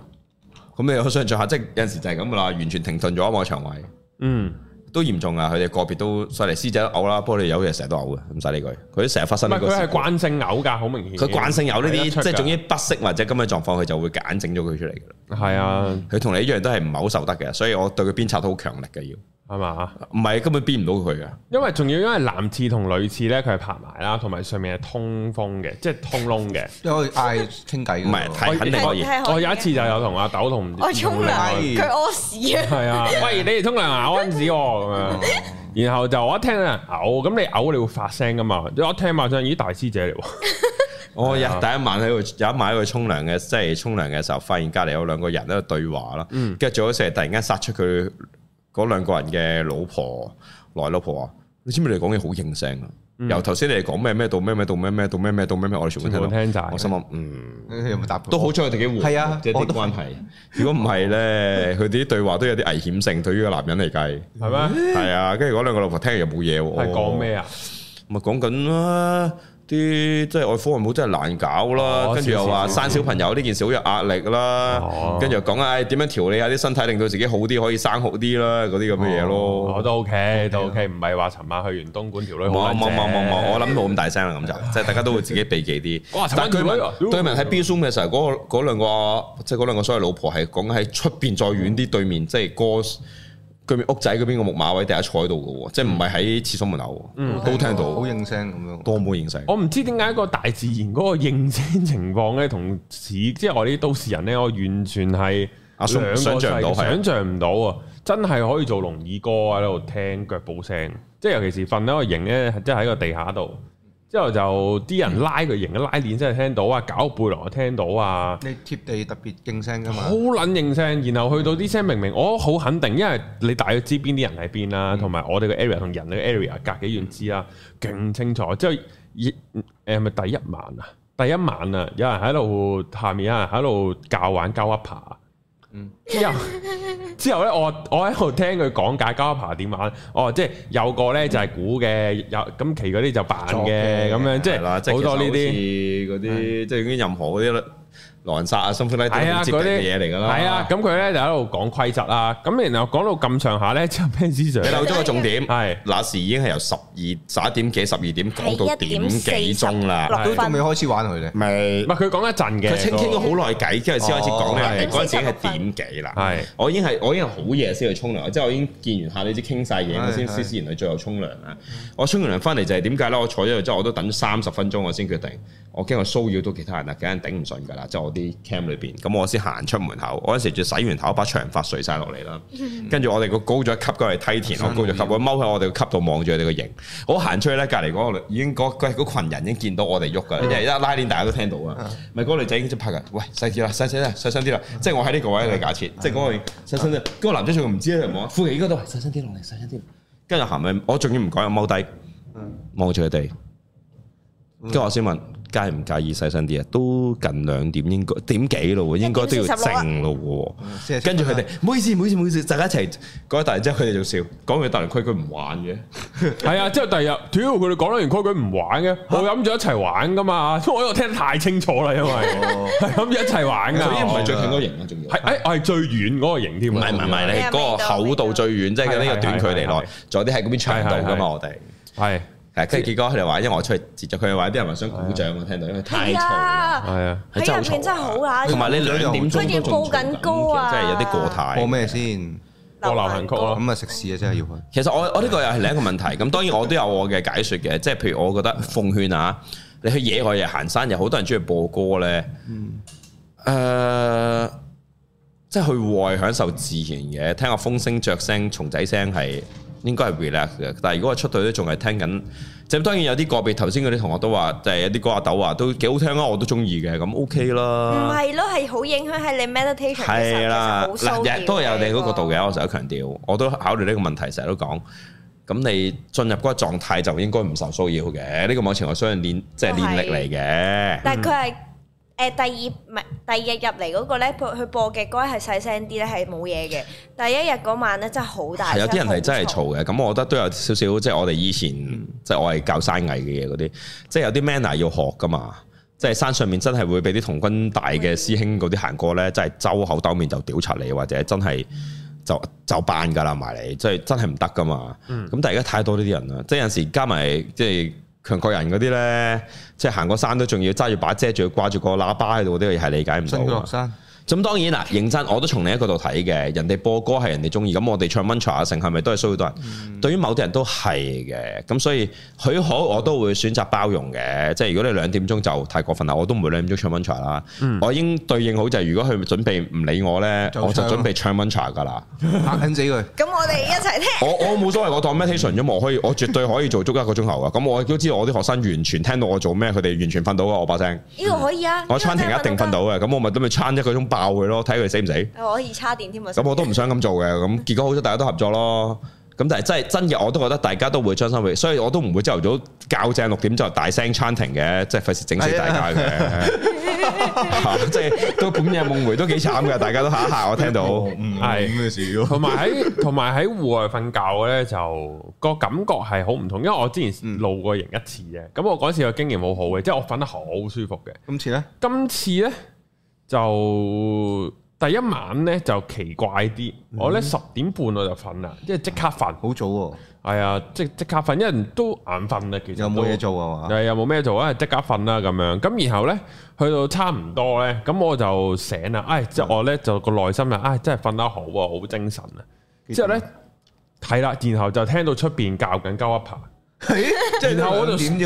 咁你去想象下，即係有陣時就係咁噶啦，完全停頓咗我嘅腸胃。嗯，都嚴重啊！佢哋個別都犀利師仔都嘔啦，不過你有嘢成日都嘔嘅，唔使理佢。佢成日發生個。唔係佢係慣
性嘔㗎，好明顯。佢慣性有呢啲，即係總之
不適或者咁嘅狀況，佢就會揀整咗佢出嚟嘅。係啊，佢同你一樣都係唔係好受得嘅，所以我對佢鞭策都好強力嘅要。係嘛？唔係根本變唔到佢嘅，
因為仲要因為男廁同女廁咧，佢係排埋啦，同埋上面係通風嘅，即係通窿嘅，可以嗌傾偈。唔係，睇肯定可以。我有一次就有同阿豆同我沖涼，佢屙
屎啊！係啊，喂，
你哋沖涼嘔屎我咁樣。然後就我一
聽到人嘔，咁你嘔你會發聲噶嘛？我一聽啊，真係咦，大師姐嚟喎！我日第一晚喺度，有一晚喺度沖涼嘅，即係沖涼嘅時候，發現隔籬有兩個人喺度對話啦。跟住做咗成日，突然間殺出佢。嗰兩個人嘅老婆，內老婆啊，你知唔知？嗯、你講嘢好應聲啊！由頭先你講咩咩到咩咩到咩咩到咩咩到咩咩，我哋全部聽到。全聽曬，我心諗嗯，有冇答？都好彩自己活。係啊，有啲關係。如果唔係咧，佢哋啲對話都有啲危險性，對於個男人嚟計，係咩嗎？係啊，跟住嗰兩個老婆聽又冇嘢喎。係講咩啊？咪講緊啊！啲即係外科唔好真係難搞啦，跟住又話生小朋友呢件事好有壓力啦，跟住又講啊，點樣調理下啲身體，令到自己好啲，可以生好啲啦，嗰啲咁嘅嘢咯。我都 OK，都 OK，唔係話尋晚去完東莞條女。冇冇冇冇冇，我諗到咁大聲啦咁就，即係大家都會自己避忌啲。但係佢對面喺 B room 嘅時候，嗰個嗰兩個即係嗰兩個所謂老婆係講喺出邊再遠啲對面，即係哥。佢屋仔嗰邊個木馬位第一坐喺度嘅喎，即係唔係喺廁所門口，嗯、都聽到好
應聲咁樣，多冇多應聲。我唔知點解個大自然嗰個應聲情況咧，同市即係我哋啲都市人咧，我完全係想象唔到，想象唔到啊的！真係可以做龍耳歌喺度聽腳步聲，即係尤其是瞓喺個營咧，即係喺個地下度。就是之後就啲、嗯、人拉個型嘅拉鏈真係聽到啊，搞個背囊我聽到啊，你貼地特別勁聲㗎嘛，好撚勁聲。然後去到啲聲明明我好、嗯哦、肯定，因為你大概知邊啲人喺邊啦，同埋、嗯、我哋個 area 同人嘅 area 隔幾遠知啊。勁、嗯、清楚。之後二咪第一晚啊，第一晚啊，有人喺度下面有人喺度教玩教 upper 嗯、之後之後咧，我我喺度聽佢講解膠牌點玩，哦，即係有個咧就係估嘅，嗯、有咁期嗰啲就扮嘅，咁樣即係啦，的即係好多呢啲啲，
即係已經任何嗰啲啦。狼殺啊，心酸啦，啲好接近嘅嘢嚟噶啦。係啊，
咁佢咧就喺度講規則啦，咁然後講到咁上下咧，就係咩思想？你漏咗個重點。係嗱，嗰時已經係
由十二十一點幾、十二點講到點幾鐘啦。嗱，到到未
開始玩佢咧，咪
唔係佢講一陣嘅，佢傾傾咗好耐偈，跟住先開始講嘅。嗰時已經係點幾啦？係我已經係我已經係好夜先去沖涼，即係我已經見完下你先傾晒嘢，我先先先完去最後沖涼啦。我沖完涼翻嚟就係點解咧？我坐咗之後我都等咗三十分鐘，我先決定我驚我騷擾到其他人啦，梗係頂唔順㗎啦，即係我。啲 cam 裏邊，咁我先行出門口，我嗰時就洗完頭，把長發垂晒落嚟啦，跟住我哋個高咗一級嗰梯田，我高咗一級，踎喺我哋個級度望住佢哋個形，我行出去咧，隔籬嗰個已經嗰嗰群人已經見到我哋喐噶，一拉鏈大家都聽到啊，咪嗰個女仔已經即拍噶，喂細聲啦，細聲啦，細聲啲啦，即係我喺呢個位嚟假設，即係嗰個細聲啲，個男仔仲唔知咧，唔望。副騎應該都，細聲啲落嚟，細聲啲，跟住行去，我仲要唔講又踎低，望住佢哋。跟住我先問介唔介意細心啲啊？都近兩點應該點幾咯？應該都要靜咯。跟住佢哋，唔好意思，唔好意思，唔好意思，大家一齊講完第二之後，佢哋仲笑。講完大二區，佢唔玩
嘅。係啊，之後第二日，屌佢哋講完區，佢唔玩嘅。我諗住一齊玩噶嘛，我又聽得太清楚啦，因為係
諗住一齊玩噶。所以唔係最近嗰型啊，仲要係我係最遠嗰個型添啊。唔係唔係，你嗰個厚度最遠，即係呢個短距離內，仲有啲喺嗰邊長度噶嘛，我哋係。誒，跟住結果佢哋話，因為我出去接咗，佢哋話啲人話想鼓掌，我聽到，因為太嘈，係啊，喺入邊真係
好攬，同埋、啊、你兩點鐘佢哋播歌啊，即係有啲過
態，播咩先？播流行曲咯，咁啊食屎啊！真係要去。其實我我呢個又係另一個問題。咁 <laughs> 當然我都有我嘅解説嘅，即係譬如我覺得奉勸啊，你去野外又行山又好多人中意播歌咧，嗯，呃、即係去外享受自然嘅，聽下風聲、雀聲、蟲仔聲係。應該係 relax 嘅，但係如果我出隊咧，仲係聽緊，即係當然有啲個別。頭先嗰啲同學都話，就係一啲歌阿豆話都幾好聽啊，我都中意嘅，咁 OK 啦。唔
係咯，係好影響喺你 meditation 嘅時候，其實冇騷擾。都係有你一個度
嘅，的我成日都強調，我都考慮呢個問題，成日都講。咁你進入嗰個狀態就應該唔受騷擾嘅。呢、這個某程度，我需要練，即係練力嚟嘅。但係佢係。
嗯誒，第二唔係第二日入嚟嗰個咧，佢播嘅歌係細聲啲咧，係冇嘢嘅。第一日嗰晚咧真係好大聲，有啲人係真係嘈
嘅。咁我覺得都有少少，即係我哋以前即係我係教山藝嘅嘢嗰啲，即係有啲 manner 要學噶嘛。即係山上面真係會俾啲童軍大嘅師兄嗰啲行過咧，的真係周口兜面就屌柒你，或者真係就就扮㗎啦埋嚟，即係真係唔得噶嘛。咁、嗯、但係而家太多呢啲人啦，即係有時加埋即係。就是強國人嗰啲咧，即係行個山都仲要揸住把遮，仲要掛住個喇叭喺度，呢啲嘢係理解唔到。咁當然啦，認真我都從另一個角度睇嘅。人哋播歌係人哋中意，咁我哋唱 mantra 成係咪都係需要多人？對於某啲人都係嘅。咁所以許可我都會選擇包容嘅。即係如果你兩點鐘就太過分啦，我都唔會兩點鐘唱 mantra 啦。我已經對應好就係如果佢準備唔理我咧，我就準備唱 mantra 噶啦。嚇緊死佢！
咁我哋一齊聽。我我
冇所謂，我當 meditation 啫嘛。可以，我絕對可以做足一個鐘頭嘅。咁我都知道我啲學生完全聽到我做咩，佢哋完全瞓到我把聲
呢個可以啊。我 training 一定瞓
到嘅。咁我咪都咪 train 一個鐘爆佢咯，睇佢死唔死、哦？我可以插
電添嘛？咁我都
唔想咁做嘅，咁結果好彩大家都合作咯。咁但係真係真嘅，我都覺得大家都會將心比，所以我都唔會朝頭早教正六點就大聲餐 h 嘅，即係費事整死大家嘅。即係都半夜夢回都幾慘嘅，大家都吓吓，我聽到
係同埋喺同埋喺戶外瞓覺咧，就個感覺係好唔同，因為我之前露過營一次嘅，咁我嗰次嘅經驗好好嘅，即、就、係、是、我瞓得好舒服嘅。嗯、今次咧，今次咧。就第一晚呢，就奇怪啲，嗯、我呢，十點半我就瞓啦，即係、啊哦哎、即，即刻瞓。好早喎，係啊，即即刻瞓，因為都眼瞓啊，其實。有冇嘢做啊嘛？又又冇咩做啊？即、就是、刻瞓啦咁樣。咁然後呢，去到差唔多呢，咁我就醒啦。唉、哎，的即我呢，就個內心啊，唉、哎，真係瞓得好喎，好精神啊。之後呢，睇啦，然後就聽到出邊教緊交一排。係，然後唔係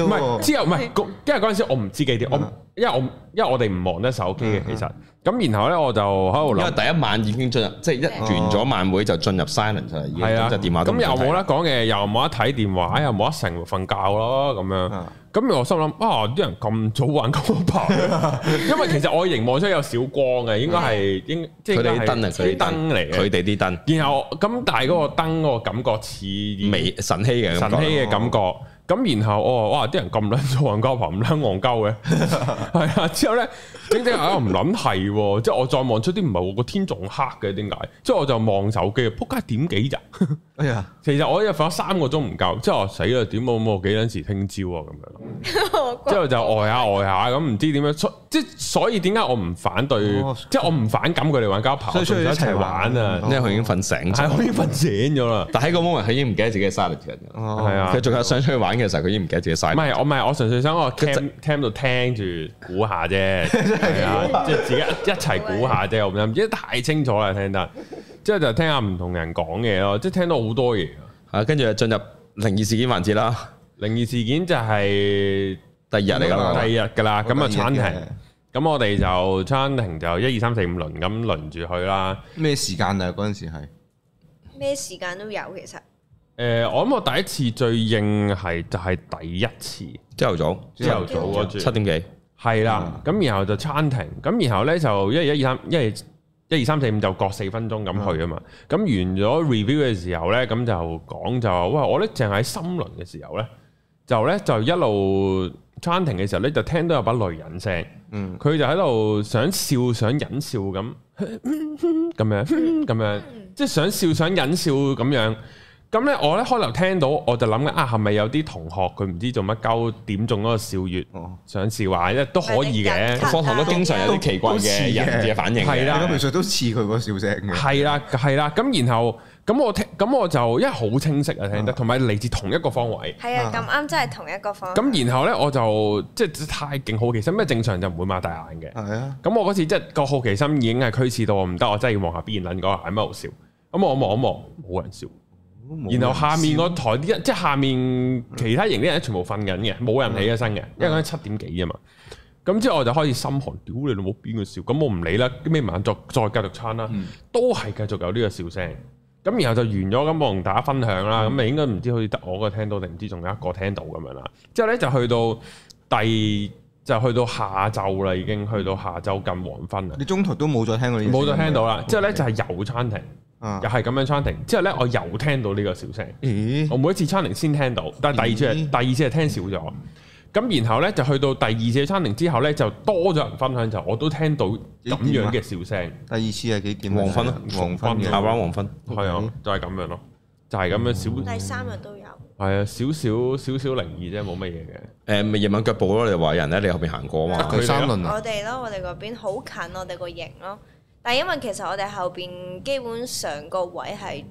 之後唔係，因為嗰陣時我唔知幾點，我因為我因為我哋唔忙得手機嘅，其實，咁然後呢，我就喺度諗，因為第一晚已經進入即係一完咗晚會就進入 silence 啦，而家就電話咁、嗯嗯、又冇得講嘅又冇得睇電話，又冇得成日瞓覺咯咁樣。啊咁我心諗，哇！啲人咁早玩，咁高拍， <laughs> 因為其實我凝望出有小光嘅，應該係、嗯、應即係佢啲燈啲燈嚟嘅，佢哋啲燈。然後咁，但係嗰個燈嗰個感覺似微晨曦嘅，晨曦嘅感覺。咁然後我話哇啲人咁撚做玩交朋唔撚憨鳩嘅，係 <laughs> 啊！之後咧整整下唔撚係，即係我再望出啲唔係喎個天仲黑嘅點解？即係我就望手機，撲街點幾日？哎呀！其實我一日瞓咗三個鐘唔夠，即係我死啦！點我我幾陣時聽朝啊咁樣，之後,、嗯啊、
<laughs>
之後就呆下呆下咁，唔、呃呃、知點樣出即所以點解我唔反對，哦、即係我唔反感佢哋玩交朋。所以要一齊玩啊！因為佢已經瞓醒咗，係好我已經瞓醒咗啦。 <laughs> 但係個 moment 佢已經唔記得自己係 Saturday 係啊，佢仲有
想出去玩。嘅時候佢已經唔記得自己細，唔
係我唔係我純粹想我吉聽著聽到聽住估下啫，即係自己一齊估下啫，我唔記得太清楚啦聽得，之後就聽下唔同人講嘢咯，即係聽到好多嘢，啊，跟住就進入靈異事件環節啦，靈異事件就係第二日嚟噶啦， <laughs> 第二日噶啦，咁啊餐廳，咁我哋就餐廳就一二三四五輪咁輪住去啦，咩時間啊，嗰陣時係
咩時間都有其實。
誒，我諗我第一次最應係就係第一次，朝頭早，朝頭早七點幾係啦。咁然後就 chanting，咁然後呢就一、二、三，因為一二三四五就各四分鐘咁去啊嘛。咁、嗯、完咗 review 嘅時候呢，咁就講就哇，我呢淨喺心輪嘅時候呢，就呢，就，呢就一路 chanting 嘅時候呢，就聽到有把女人聲，佢就喺度想笑想忍笑咁咁樣咁樣，樣樣嗯、即係想笑想忍笑咁樣。咁咧、嗯，我咧開頭聽到我就諗嘅，啊，係咪有啲同學佢唔知做乜鳩點中嗰個笑穴，哦、想笑話咧都可以嘅，課堂都經常有啲奇怪嘅，嘅反應，係啦，都似佢個笑聲。係啦，係啦，咁啦然後咁我聽，咁我，我就因為好清晰啊，聽得同埋嚟自同一個方位。係啊，咁
啱真係同一個方位。咁
然後咧，我就即係太勁好奇心，咩正常就唔會擘大眼嘅。咁、啊、我嗰次即係個好奇心已經係驅使到我唔得，我真係要望下邊諗嗰個係乜好笑。咁我望一望，冇人笑。
然後下面個
台啲即係下面其他營啲人全部瞓緊嘅，冇人起起身嘅，因為、嗯、七點幾啫嘛。咁之後我就開始心寒，屌你老母邊個笑？咁我唔理啦，啲咩晚作再繼續餐啦，都係繼續有呢個笑聲。咁、嗯、然後就完咗，咁我同大家分享啦。咁啊、嗯、應該唔知好似得我個聽到定唔知仲有一個聽到咁樣啦。之後咧就去到第就去到下晝啦，已經去到下晝近黃昏啦。你中途都冇再，再聽到啲冇再聽到啦。之後咧就係油餐廳。又係咁樣 chanting，之後咧，我又聽到呢個笑聲。欸、我每一次 chanting 先聽到，但係第二次係、欸、第二次係聽少咗。咁然後咧，就去到第二次 chanting 之後咧，就多咗人分享就我都聽到咁樣嘅笑聲、啊。第二次係幾點、啊啊？黃昏咯，黃昏下班黃昏。
係啊，就係、是、咁樣咯，就係、是、咁樣小。第三日都有。係啊，少少少少靈異啫，冇乜嘢嘅。誒、呃，夜、就、晚、是、腳步咯，你話有人喺你後邊行過啊嘛。佢三輪、啊、我
哋咯、啊啊啊，我哋嗰邊好近我，我哋個營咯。但係因為其實我哋後邊基本上個位係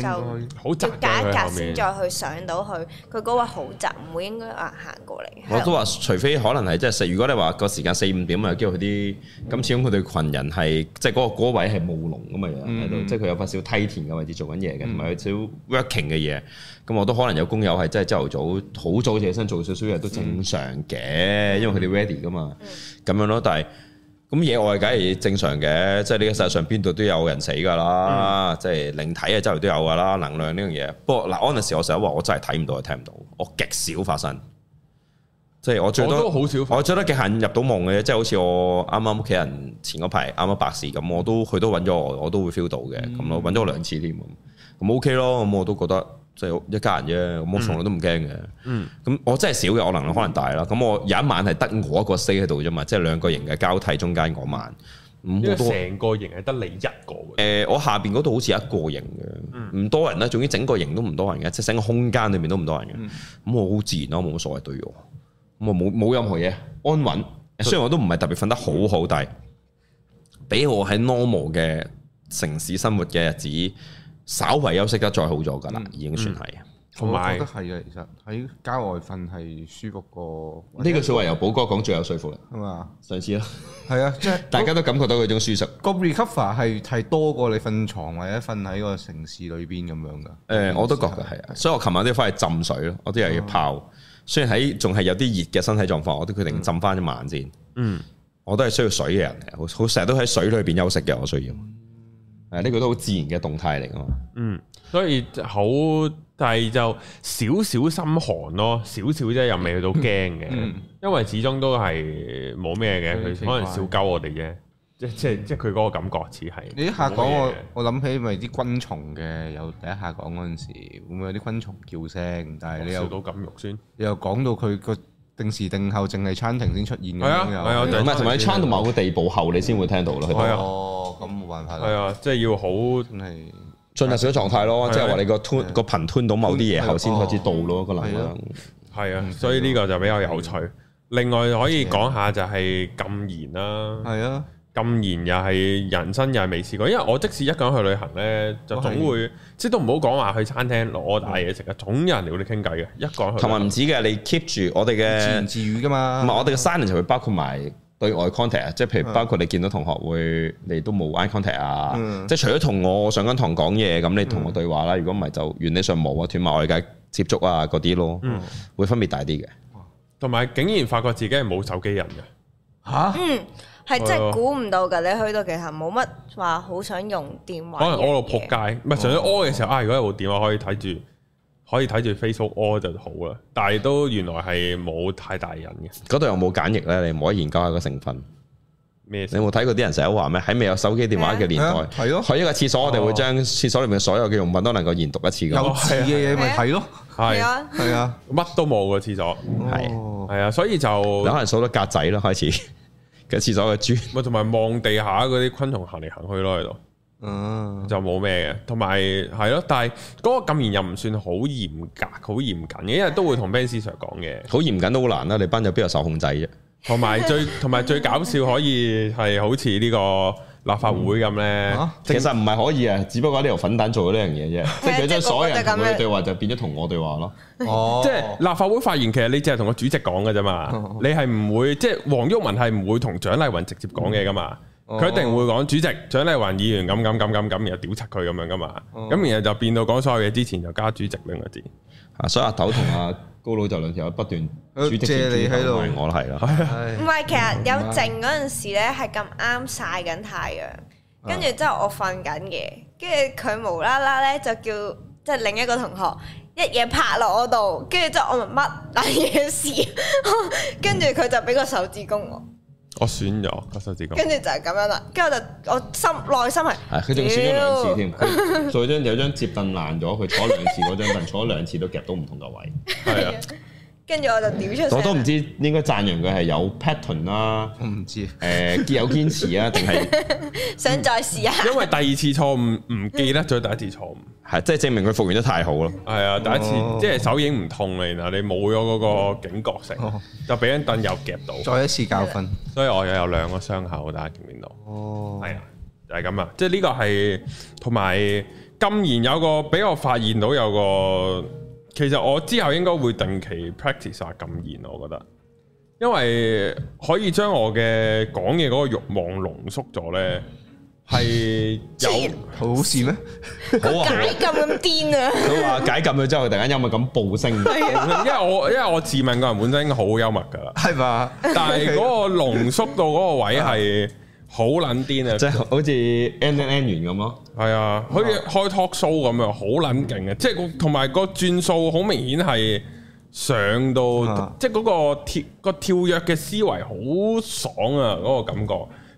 就要隔一隔先再去
上到去，佢嗰個好窄，唔會應該話行過嚟。我都
話是除非可能係即係四，如果你話個時間四五點啊，叫佢啲咁始終佢哋群人係即係嗰個位係務農啊嘛，又喺度，即係佢有份少梯田嘅位置做緊嘢嘅，同埋、嗯、有少 working 嘅嘢。咁我都可能有工友係即係朝頭早好早起身做少少嘢都正常嘅，嗯、因為佢哋 ready 噶嘛。咁、嗯嗯、樣咯，但係。咁野外梗係正常嘅，即係呢個世界上邊度都有人死噶啦，嗯、即係靈體啊周圍都有噶啦，能量呢樣嘢。不過嗱，嗰陣時我成日話我真係睇唔到又聽唔到，我極少發生。即係我最多，我都好少。我最多極限入到夢嘅，即係好似我啱啱屋企人前嗰排啱啱白事咁，我都佢都揾咗我，我都會 feel 到嘅咁咯，揾咗、嗯、我兩次添，咁 OK 咯，咁我都覺得。就一家人啫，我從來都唔驚嘅。咁、嗯、我真係少嘅，我能力可能大啦。咁、嗯、我有一晚係得我一個 stay 喺度啫嘛，即係兩個營嘅交替中間嗰晚。嗯、我成都個營係得你一個。誒、呃，我下邊嗰度好似一個營嘅，唔、嗯、多人啦，總之整個營都唔多人嘅，即係整個空間裏面都唔多人嘅。咁、嗯、我好自然咯、啊，冇乜所謂對我。嗯、我冇冇任何嘢安穩穩，雖然我都唔係特別瞓得好好，但係俾我喺 normal 嘅城市生活嘅日子。稍為休息得再好咗㗎啦，已經算係。同埋覺得
係啊，其實喺郊外瞓係舒服過。呢個說話由寶哥講最有說服力，係嘛？上次啊？係啊，即係大家都感覺到嗰種舒適。個 recover 係係多過你瞓床或者瞓喺個城市裏邊咁樣㗎。誒，我都覺得係
啊，所以我琴晚都要翻去浸水咯，我都係要泡。雖然喺仲係有啲熱嘅身體狀況，我都決定浸翻一晚先。嗯，我都係需要水嘅人，好好成日都喺水裏邊休息嘅，我需要。誒，呢、啊，這個都好自然嘅動態嚟噶嘛。嗯，
所以好，但係就少少心寒咯，少少啫，又未去到驚嘅。因為始終都係冇咩嘅，佢、嗯嗯、可能少鳩我哋啫。即即即佢嗰個感覺似係。你一下講我，我諗起
咪啲昆蟲嘅，有第一下講嗰陣時，會唔會有啲昆蟲叫聲？但係你又到咁肉酸，你又講到佢個。定時定候，淨係餐廳先出現嘅，係啊，係啊，唔係同埋喺餐到某個
地步後，你先會聽到咯。係啊，咁冇辦法。係啊，即係要好係進入少少狀態咯，即係話你個吞個頻吞到某啲嘢後，先開始到咯個能量。
係啊，所以呢個就比較有趣。另外可以講下就係禁言啦。係啊。禁言又係人生又係未試過，因為我即使一個人去旅行咧，就總會的即係都唔好講話去餐廳攞大嘢食啊，嗯、總有人撩你傾偈嘅。一個人
同埋
唔止嘅，你 keep 住我哋嘅自言自語噶嘛。唔係我哋嘅 signing 就會包括埋對外 contact，即係譬如包括你見到同學會你都冇 eye contact 啊，的即係除咗同我上緊堂講嘢咁，你同我對話啦。如果唔係就原理上冇啊，斷埋外界接觸啊嗰啲咯，嗯、會分別大啲嘅。同埋、嗯、
竟然發覺自己係冇手機人嘅。吓，啊、嗯，係真係估
唔到噶，你去到其實冇乜話好想用電話，可能屙到撲街，
唔係，純粹屙嘅時候啊，如果有部電話可以睇住，可以睇住 Facebook 屙就好啦。
但係都原來係冇太大人嘅。嗰度有冇簡易咧？你唔可以研究下個成分。你有冇睇過啲人成日話咩？喺未有手機電話嘅年代，去一個廁所我哋會將廁所裏面所有嘅用品都能夠研讀一次嘅。有字嘅嘢咪睇咯。係啊，係啊，乜都冇嘅廁所。係係啊，所以就有人數得格仔咯，開始。
個廁所嘅豬，同埋望地下嗰啲昆蟲行嚟行去咯喺度。嗯，就冇咩嘅，同埋係咯。但係嗰個禁言又唔算好嚴格，好嚴謹嘅，因為都會同 Ben Sir 講嘅。好嚴謹都好難啦，你班友邊度受控制啫？同埋最同埋最搞笑
可以係好似呢個立法會咁咧，其實唔係可以啊，只不過呢條粉彈做咗呢樣嘢啫，即係變咗所有人唔會對話，就變咗同我對話咯。
即係
立法會發言，其實你只係同個主席講嘅啫嘛，你係唔會即係黃毓民係唔會同蔣麗芸直接講嘢噶嘛，佢一定會講主席蔣麗芸議員咁咁咁咁咁，然後屌柒佢咁樣噶嘛，咁然後就變到講所有嘢之前就加主席兩個字啊，所以阿頭同阿。
高佬就兩條友不斷，借你喺度唉，我係啦，唔係其實有靜
嗰陣時咧，係咁啱曬緊太陽，跟住之後我瞓緊嘅，跟住佢無啦啦咧就叫即係、就是、另一個同學一嘢拍落我度，跟住之後我咪乜那嘢事？跟住佢就俾個手指公我。
我選
咗個手指跟住
就係咁樣啦。跟住我就我心內心係，佢仲、啊、選咗兩次添。做
<laughs> 張有張摺凳爛咗，佢坐咗兩次嗰張凳，坐咗兩次都夾到唔同個位。係 <laughs> 啊。
跟住我就屌出嚟。我都
唔知應該讚揚佢係有 pattern 啦，我唔知。誒、呃，有堅持啊，定係
<laughs> 想再試下。因為
第二次錯誤唔記得咗第一次錯誤，係即係證明佢復原得太好咯。
係啊，第一次即係、oh. 手影唔痛啦，然後你冇咗嗰個警覺性，oh. 就俾一凳又夾到。
再一次教訓，
所以我又有兩個傷口，大家見唔見到？哦，係啊，就係咁啊，即係呢個係同埋今年有個俾我發現到有個。其實我之後應該會定期 practice 下禁言，我覺得，因為可以將我嘅講嘢嗰個欲望濃縮咗咧，係有好事說咩？
好啊！解禁咁癲啊！佢話
解禁咗之後，突然間幽默咁爆聲，因為我因為我自問個人本身應該好幽默噶啦，係嘛吧？但係嗰個濃縮到嗰個位係。吧 <laughs> 好撚癲啊！即係好似 end e n 完咁咯，係啊，啊好似開 talk show 咁樣，好撚勁啊！即係同埋個轉數好明顯係上到，啊、即係嗰個跳、嗰個跳躍嘅思維好爽啊！嗰、嗰個感覺。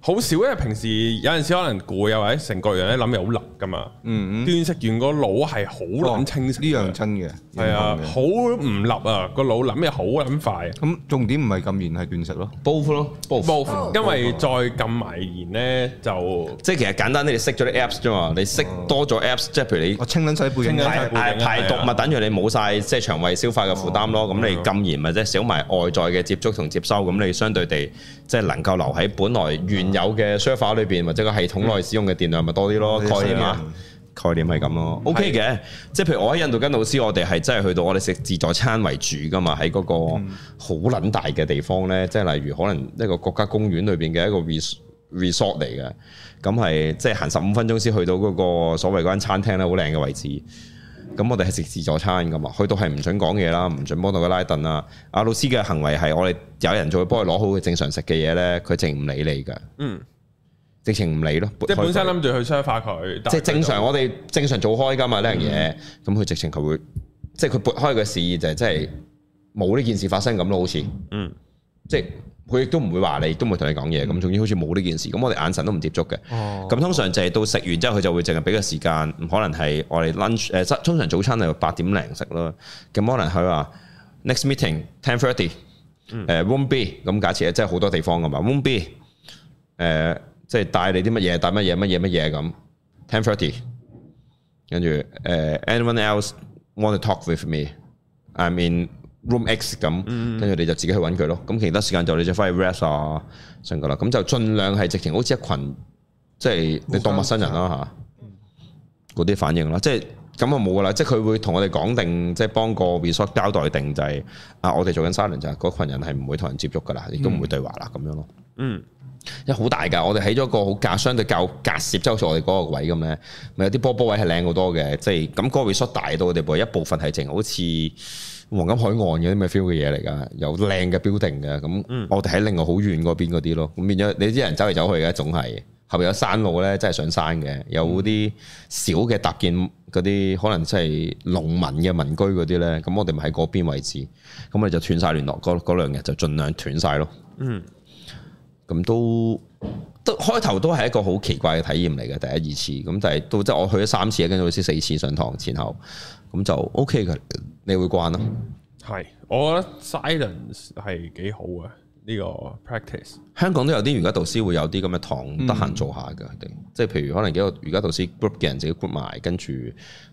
好少，因為平時有陣時可能攰又或者成個人咧諗嘢好立㗎嘛，嗯嗯，斷食完個腦係好撚清晰，呢樣真嘅，係啊，好唔立啊，個腦諗嘢好撚快。咁重點唔係禁語係斷食咯，both 咯
，both，因為
再禁埋語咧就即係其實簡單啲，你識咗啲 apps 啫嘛，你識多咗 apps，即係譬如你清涼洗背，清涼洗背，排毒咪等於你冇曬即係腸胃消化嘅負擔咯，咁你禁語咪即係少埋外在嘅接觸同接收，咁你相對地。即係能夠留喺本來原有嘅 server 裏邊，嗯、或者個系統內使用嘅電量咪多啲咯，嗯、概念啊，概念係咁咯。的 OK 嘅，即係譬如我喺印度跟老師，我哋係真係去到我哋食自助餐為主噶嘛，喺嗰個好撚大嘅地方咧，即係例如可能一個國家公園裏邊嘅一個 resort 嚟嘅，咁係即係行十五分鐘先去到嗰個所謂嗰間餐廳咧，好靚嘅位置。咁我哋係食自助餐噶嘛，去到係唔准講嘢啦，唔准幫到佢拉凳啦。阿老師嘅行為係我哋有人就會幫佢攞好佢正常食嘅嘢咧，佢直情唔理你噶，嗯，直情唔理咯。即係本身
諗住去消化佢，但係正常我哋
正常做開噶嘛呢樣嘢，咁佢、嗯、直情佢會，即係佢撥開嘅視野就係、是、即係冇呢件事發生咁咯，好似，嗯，即係。佢亦都唔會話你，都唔會同你講嘢。咁總、嗯、之好似冇呢件事。咁我哋眼神都唔接觸嘅。咁、哦、通常就係到食完之後，佢就會淨係俾個時間。可能係我哋 lunch 誒，通常早餐就八點零食咯。咁可能佢話、嗯、next meeting ten thirty 誒 room B。咁假設咧，即係好多地方噶嘛 room B。誒，即係帶你啲乜嘢，帶乜嘢，乜嘢乜嘢咁 ten thirty。跟住誒，anyone else want to talk with me？I mean Room X 咁，跟住、嗯、你就自己去揾佢咯。咁其他時間就你就翻去 rest 啊，咁樣啦。咁就儘量係直情好似一群，即、就、係、是、你當陌生人啦、啊、嚇，嗰啲、嗯、反應啦、啊。即係咁就冇噶啦。即係佢會同我哋講定，即係幫個 resort 交代定、就是，就係啊，我哋做緊 salon 就係嗰群人係唔會同人接觸噶啦，亦都唔會對話啦，咁樣咯。嗯，因為好大噶，我哋喺咗個好隔，相對較隔攝，即係好似我哋嗰個位咁呢。咪有啲波波位係靚好多嘅。即係咁、那個 resort 大到我哋部一部分係淨好似。黃金海岸有啲咩 feel 嘅嘢嚟噶，有靚嘅 building 嘅，咁我哋喺另外好遠嗰邊嗰啲咯，咁、嗯、變咗你啲人走嚟走去嘅，一總係後邊有山路咧，真係上山嘅，有啲小嘅搭建嗰啲，可能即係農民嘅民居嗰啲咧，咁我哋咪喺嗰邊位置，咁我哋就斷晒聯絡，嗰兩日就盡量斷晒咯。嗯，咁都開都開頭都係一個好奇怪嘅體驗嚟嘅，第一二次咁，就係都即係我去咗三次，跟住先四次上堂前後，咁就 OK 嘅。你會關咯，
係，我覺得 silence 係幾好啊，呢個 practice。
香港都有啲瑜伽導師會有啲咁嘅堂得閒做下定、嗯，即係譬如可能幾個瑜伽導師 group 嘅人自己 group 埋，跟住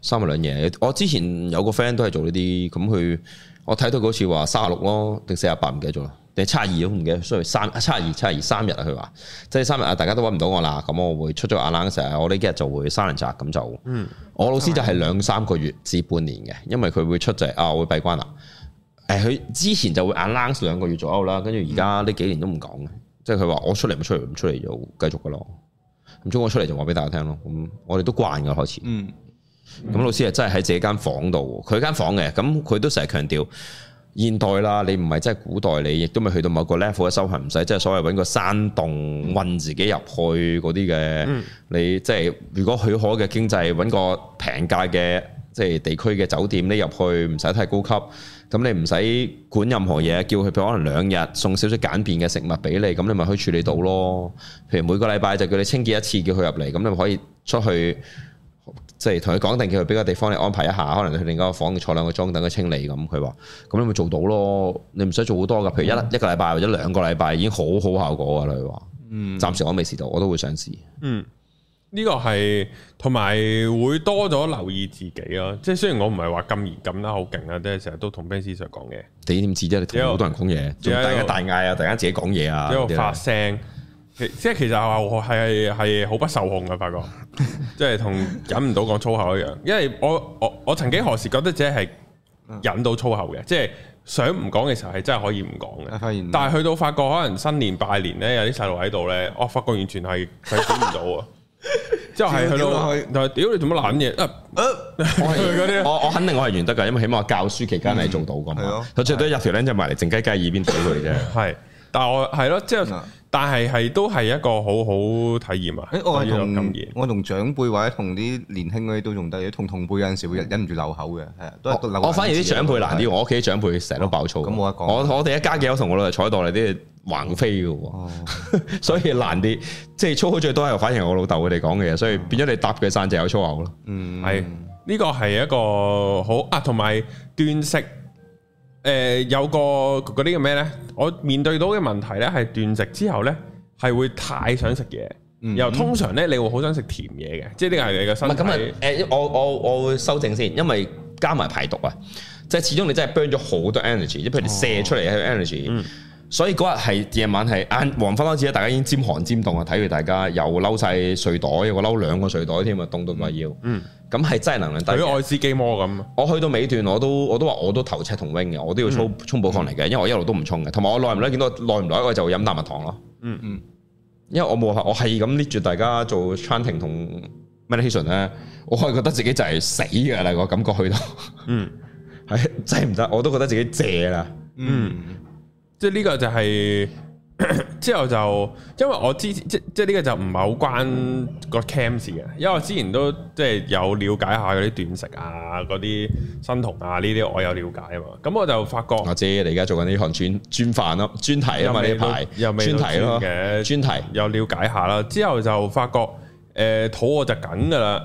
三日兩夜。我之前有個 friend 都係做呢啲，咁佢我睇到好似話三十六咯，定四十八唔記得咗。定差二都唔記得，所以三差二差二三日啊！佢話即係三日啊，大家都揾唔到我啦。咁我會出咗眼冷成，我呢幾日就會三連砸咁就。嗯，我老師就係兩三個月至半年嘅，因為佢會出就係、是、啊我會閉關啦。誒，佢之前就會眼冷兩個月左右啦，跟住而家呢幾年都唔講嘅，即係佢話我出嚟咪出嚟，唔出嚟就繼續噶咯。咁如果我出嚟就話俾大家聽咯。咁我哋都慣噶開始。嗯，咁、嗯、老師又真係喺自己間房度，佢間房嘅，咁佢都成日強調，現代啦，你唔係真係古代，你亦都未去到某個 level 嘅修行。唔使，即係所謂揾個山洞，運自己入去嗰啲嘅。嗯、你即係如果許可嘅經濟，揾個平價嘅即係地區嘅酒店，你入去唔使太高級，咁你唔使管任何嘢，叫佢譬可能兩日送少少簡便嘅食物俾你，咁你咪可以處理到咯。譬如每個禮拜就叫你清潔一次，叫佢入嚟，咁你咪可以出去。即係同佢講定，叫佢俾個地方你安排一下，可能去另一間房坐兩個鐘，等佢清理咁。佢話：咁你咪做到咯？你唔使做好多噶，譬如一一個禮拜或者兩個禮拜已經好好效果噶啦。佢話：嗯，暫時我未試到，我都會想試。
嗯，呢、這個係同埋會多咗留意自己咯。即係雖然我唔係話咁嚴謹啦，好勁啊，即係成日都同 Ben Sir 講嘅。
點知點知？即係同好多人講嘢，仲大家大嗌啊，大家自己講嘢啊，在在發
聲。嗯即係其實係係好不受控嘅，發覺即係同忍唔到講粗口一樣。因為我我我曾經何時覺得自己係忍到粗口嘅，即係想唔講嘅時候係真係可以唔講嘅。但係去到發覺可能新年拜年咧，有啲細路喺度咧，我發覺完全係係忍唔到啊！之後係去到，屌你做乜撚
嘢？我我肯定我係完得噶，因為起碼教書期間係做到噶嘛。佢最多入條咧就埋嚟，靜雞雞耳邊懟佢啫。係。但係我係咯，即係、就是，但係係都係一個好
好體驗啊、
欸！我同
額我同長輩或者同啲年輕嗰啲
都仲得，同同輩有陣時會忍唔住漏口嘅，係啊、嗯。
都漏漏我反而啲長輩難啲，我屋企長輩成日都爆粗。咁冇得講。我我哋一家幾口同我老豆坐喺度嚟啲橫飛嘅，哦、 <laughs> 所以難啲。即係粗口最多係，反而我老豆佢哋講嘅，嘢。所以變咗你搭嘅傘就有粗口咯。嗯，係呢
個係一個好啊，同埋斷食。誒、呃、有個嗰啲叫咩咧？我面對到嘅問題咧，係斷食之後咧，係會
太想食嘢，又、嗯、通常咧，你會好想食甜嘢嘅，即係呢個係你嘅身體。唔係咁啊！誒、嗯嗯嗯呃，我我我會修正先，因為加埋排毒啊，即係始終你真係 burn 咗好多 energy，即係譬如你射出嚟嘅 energy、哦。嗯、所以嗰日係夜晚係晏黃昏開始，大家已經尖寒尖凍啊！睇住大家又嬲晒睡袋，又嬲兩個睡袋添啊，凍到唔係要。嗯嗯咁係真係能量低，好似愛斯基摩咁。我去到尾段我，我都我都話我都頭赤同 Wing 嘅，我都要衝衝保強嚟嘅，因為我一路都唔衝嘅。同埋我耐唔耐見到耐唔耐，久久我就飲啖蜜糖咯。嗯嗯，因為我冇我係咁捏住大家做 chanting 同 meditation 咧，我係覺得自己就係死嘅啦個感覺去到。嗯，係 <laughs> 真係唔得，我都覺得自己借啦。嗯，
嗯
即係呢個就係、是。 <laughs> 之後就，因為
我之前即即呢、這個就唔係好關個 cams 嘅，因為我之前都即係有了解下嗰啲斷食啊，嗰啲生酮啊呢啲我有了解啊嘛，咁我就發覺，
阿姐你而家做緊呢行專專飯咯，專、啊、題、題啊嘛呢排，又未專題咯，嘅
專題，有了解下啦，之後就發覺，誒肚餓就緊噶啦，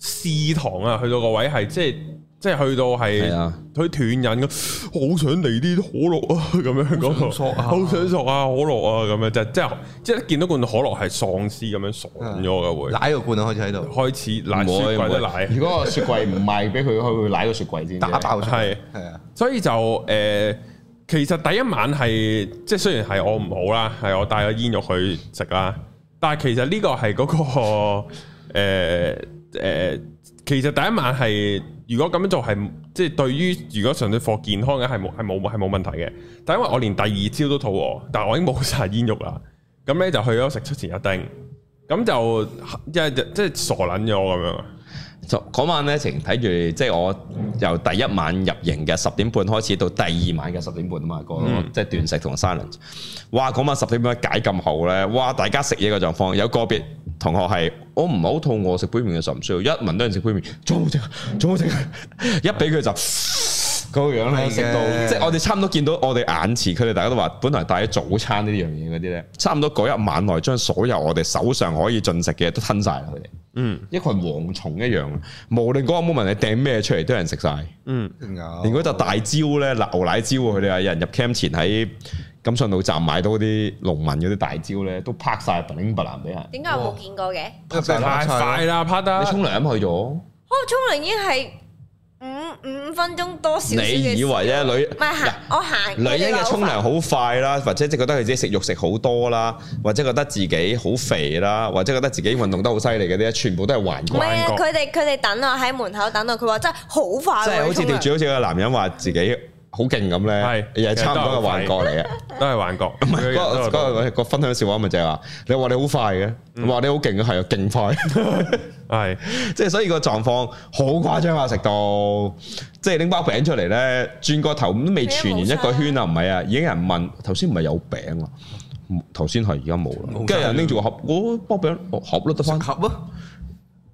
試堂啊去到個位係即係。即係去到係，佢斷癮咁，好想嚟啲可樂啊，咁樣嗰度，好想索啊可樂啊，咁樣就即係即係一見到罐可樂係喪屍咁樣傻咗㗎會，奶、啊、個罐開始喺度，開始奶雪櫃，如果個雪
櫃唔賣俾佢，佢 <laughs> 會奶個雪櫃先打爆，係係
啊，啊所以就誒，其實第一晚係即係雖然係我唔好啦，係我帶咗煙肉去食啦，但係其實呢個係嗰、嗰個誒誒。其實第一晚係，如果咁樣做係，即係對於如果上啲課健康嘅係冇係冇係冇問題嘅。但因為我連第二朝都肚餓，但係我已經冇晒煙肉啦。咁咧就去咗
食出前一丁，咁就一就即係傻撚咗咁樣。呢就嗰晚咧情睇住，即係我由第一晚入營嘅十點半開始到第二晚嘅十點半啊嘛，個、嗯、即係斷食同 silence。哇！嗰晚十點半解禁咁好咧，哇！大家食嘢嘅狀況，有個別。同學係，我唔係好肚餓食杯麪嘅時候唔需要，一聞到人食杯麪，仲好食，仲好食， <laughs> 一俾佢就嗰 <laughs> 個樣咧，食到，的即係我哋差唔多見到我哋眼前，佢哋大家都話，本嚟帶咗早餐呢樣嘢嗰啲咧，嗯、差唔多嗰一晚內將所有我哋手上可以進食嘅嘢都吞晒。佢哋，嗯，一群蝗蟲一樣，無論嗰 moment 你掟咩出嚟，都有人食晒。嗯，呃、連嗰隻大蕉咧，嗱牛奶蕉啊，佢哋啊，有人入 camp 前喺。咁上到站買到啲農民嗰啲大招咧，都拍晒不靈不靈俾人。點解我冇
見過嘅？
太快啦！拍得你沖涼去咗？
哦，沖涼已經係五五分鐘多少？你以為咧女，唔係我行女人嘅沖涼
好快啦，或者即係覺得自己食肉食好多啦，或者覺得自己好肥啦，或者覺得自己運動得好犀利嘅，全部都係幻覺。唔係，佢
哋佢哋等我喺門口等到佢話真係好快，即係好似條主
好似個男人話自己。好勁咁咧，又係對差唔多嘅幻覺嚟嘅，都係幻覺。嗰嗰是個,個,個分享笑話咪就係話，嗯、你話你好快嘅，我話你好勁嘅係啊，勁快。係，即係所以個狀況好誇張啊！食到即係拎包餅出嚟咧，轉個頭都未傳完一個圈啊，唔係啊，已經有人問。頭先唔係有餅啊，頭先係而家冇啦，跟住人拎住個盒，我、哦、包餅，盒都得返。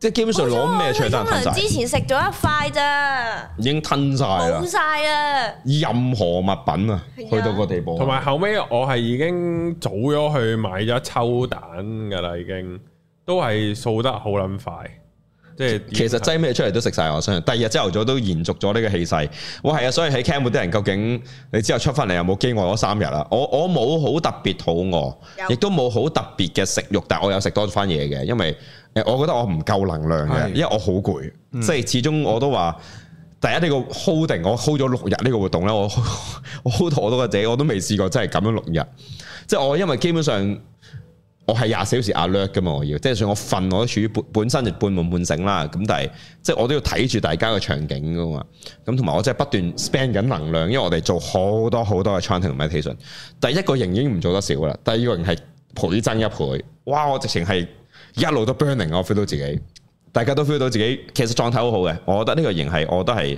即基本上攞咩出嚟？哦、能能吞之
前食咗一塊咋，已
經吞晒啦，冇晒啊！任何物品啊，的去到個地步。同
埋後尾我係已經早咗去買咗抽蛋㗎啦，已經都係掃得好撚快。
即係其實擠咩出嚟都食晒，我相信。第二日朝頭早都延續咗呢個氣勢。我係啊，所以喺 camp 啲人究竟你之後出翻嚟有冇飢餓咗三日啦？我我冇好特別肚餓，亦都冇好特別嘅食欲，但係我有食多翻嘢嘅，因為。誒，我覺得我唔夠能量嘅，因為我好攰，的即係始終我都話第一呢、呢個 holding，我 hold 咗六日呢個活動咧，我 hold 我 hold 到我都嘅啫，我都未試過真係咁樣六日，即係我因為基本上我係廿小時 alert 嘅嘛，我要，alert, 我要即係算我瞓我都處於本本身就半夢半醒啦，咁但係即係我都要睇住大家嘅場景噶嘛，咁同埋我真係不斷 spend 緊能量，因為我哋做好多好多嘅 training 同 meditation，第一個營已經唔做得少啦，第二個營係倍增一倍，哇！我直情係。一路都 burning，我 feel 到自己，大家都 feel 到自己，其實狀態好好嘅。我覺得呢個營係，我都係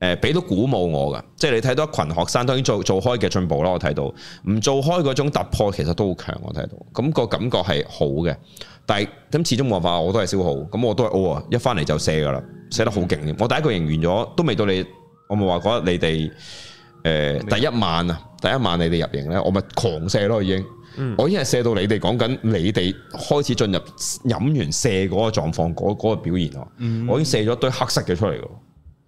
誒俾到鼓舞我噶。即係你睇到群學生，當然做做開嘅進步啦。我睇到唔做開嗰種突破，其實都好強。我睇到咁個感覺係好嘅。但係咁始終冇辦法，我都係消耗。咁我都係 O、哦、一翻嚟就射噶啦，射得好勁。我第一個營完咗都未到你，我咪話覺得你哋誒、呃、第一晚啊，第一晚你哋入營咧，我咪狂射咯已經。我已經係射到你哋講緊，你哋開始進入飲完射嗰個狀況，嗰、嗰個表現咯。我已經射咗堆黑色嘅出嚟噶，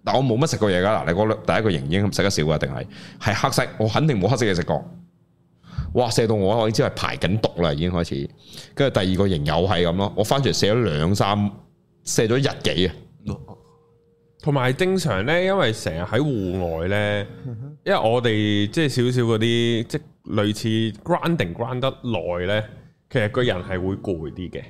但我冇乜食過嘢㗎啦。你嗰個第一個型已經食得少㗎，定係係黑色？我肯定冇黑色嘅食過。嘩！射到我，我已經知係排緊毒啦，已經開始。跟住第二個型又係咁咯，我翻轉射咗兩三，射咗一日幾啊。
同埋正常咧，因為成日喺戶外咧，因為我哋即係少少嗰啲，即係類似 ground 定 ground 得耐咧，其實個人係會攰啲嘅，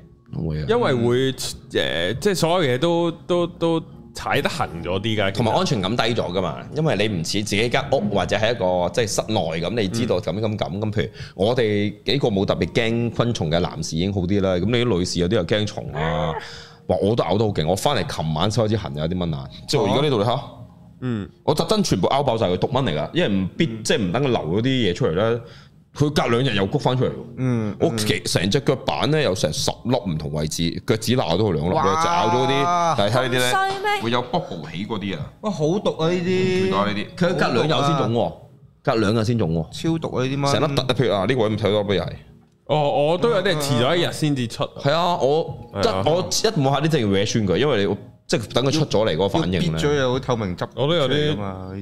會啊，因為會誒，即、呃、係、就是、所有嘢都都都
踩得痕咗啲噶，同埋安全感低咗噶嘛，嗯、因為你唔似自己間屋或者係一個即係室內咁，你知道咁咁咁咁。嗯、譬如我哋幾個冇特別驚昆蟲嘅男士已經好啲啦，咁你啲女士有啲又驚蟲啊。啊我都咬得好勁，我翻嚟琴晚先開始痕，有啲蚊難。即係我而家呢度你嚇，嗯，我特登全部咬爆晒佢，毒蚊嚟㗎。因為唔必、嗯、即係唔等佢留嗰啲嘢出嚟咧，佢隔兩日又谷翻出嚟。嗯，我成隻腳板咧有成十粒唔同位置腳趾咬咗兩粒，就爪咗嗰啲。睇下呢啲咧，會有 bubble 起嗰啲啊。
哇、嗯！好些毒啊呢
啲，佢隔兩日先腫喎，隔兩日先腫喎。超毒啊呢啲蚊，成粒突譬如啊！呢、呢個位咁睇多啲係。哦，我都有啲係遲咗一日先至出。係啊，啊，我得、啊、我一冇下啲就要搲穿佢，因為你即係等佢出咗嚟嗰個反應最變咗
有透明質。我都有啲，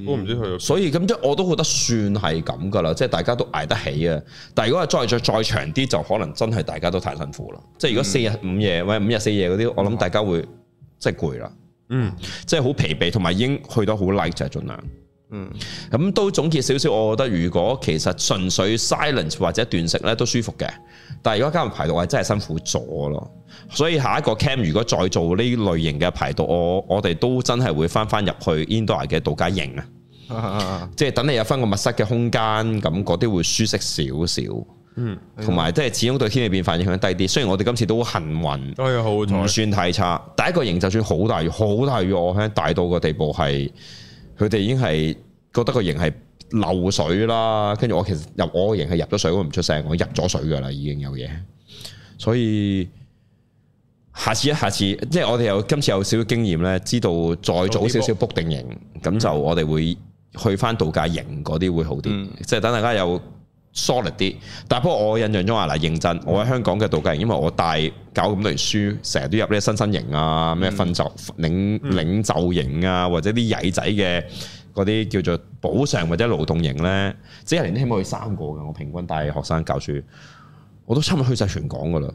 我唔知佢。所以咁即我都覺得算係咁㗎啦，即係大家都捱得起啊。但係如果再再再長啲，就可能真係大家都太辛苦啦。即係如果四日五夜或者五日四夜嗰啲，我諗大家會即係攰啦。嗯，即係好疲憊，同埋已經去到好 like 就係盡量。嗯，咁都總結少少，我覺得如果其實純粹 silence 或者斷食咧都舒服嘅，但係如果加入排毒係真係辛苦咗咯，所以下一個 camp 如果再做呢類型嘅排毒，我我哋都真係會翻翻入去 indoor 嘅度假營啊，啊即係等你有翻個密室嘅空間，咁嗰啲會舒適少少，
嗯，同埋
即係始終對天氣變化影響低啲，雖然我哋今次都幸運，都好唔算太差，第一個營就算好大雨，好大雨我聽到大到個地步係。佢哋已經係覺得個營係漏水啦，跟住我其實我入我個營係入咗水，我唔出聲，我入咗水噶啦，已經有嘢，所以下次呀，下次，即係我哋有今次有少少經驗咧，知道再早少少 book 定營，咁就我哋會去翻度假營嗰啲會好啲，嗯、即係等大家有。solid 啲，但係不過我印象中話嗱、啊、認真，我喺香港嘅度假營因為我帶搞咁多書，成日都入呢新身型啊，咩訓就領、嗯、領袖型啊，或者啲曳仔嘅嗰啲叫做補償或者勞動型咧，即係年啲起碼去三個嘅，我平均帶學生教書，我都差唔多去晒全港噶啦。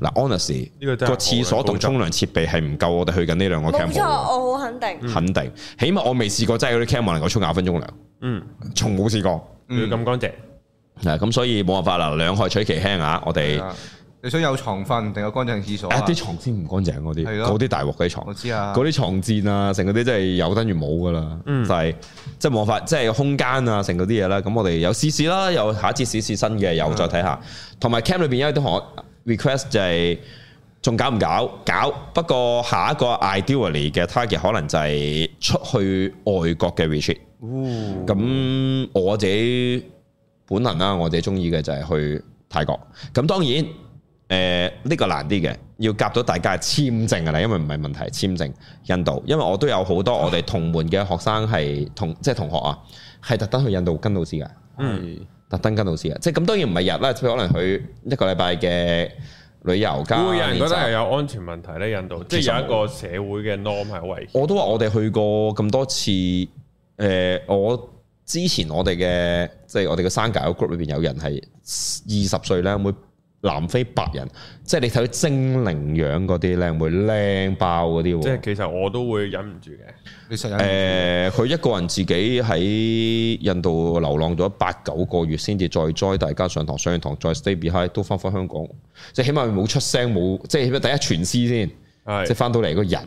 嗱，onus 呢個個廁所同沖涼設備係唔夠我哋去緊呢兩個 camp。冇錯，我
好肯定。嗯、肯
定，起碼我未試過真係嗰啲 camp 能夠沖廿分鐘涼、嗯嗯。嗯，從冇試過。要咁乾淨。嗱，咁、啊、所以冇辦法啦，兩害取其輕啊！我哋
你想有床瞓定有乾淨廁所？啲床
先唔乾淨嗰啲，嗰啲的大鑊嗰啲床，
我知啊，嗰啲
床墊啊，成嗰啲真係有等於冇噶啦，嗯、就係、是、即係冇法，即係空間啊，成嗰啲嘢啦。咁我哋有試試啦，又下一次試試新嘅，又再睇下。同埋 Camp 裏邊有一啲可 request 就係、是、仲搞唔搞？搞，不過下一個 ideally 嘅 target 可能就係出去外國嘅 retreat。咁、哦、我自己。本能啦、啊，我哋中意嘅就係去泰國。咁當然，誒、呃、呢、這個難啲嘅，要夾到大家簽證噶啦，因為唔係問題簽證印度。因為我都有好多我哋同門嘅學生係同、啊、即係同學啊，係特登去印度跟老師嘅，嗯，特登跟老師嘅。即係咁當然唔係日啦，即可能去一個禮拜嘅旅遊加。會人覺得係有
安全問題咧？印度即係有一個社會嘅 norm 喺度。
我我都話我哋去過咁多次，誒、呃、我。之前我哋嘅即係我哋嘅三屆 group 裏邊有人係二十歲咧，會南非白人，即係你睇到精靈樣嗰啲靚妹，靚爆嗰啲。即係其實我都會忍唔住嘅。你實誒，佢、呃、一個人自己喺印度流浪咗八九個月，先至再 join 大家上，上堂上完堂再 stay behind 都翻返香港，即係起碼冇出聲冇，即係起碼第一傳師先，係的即係翻到嚟個人。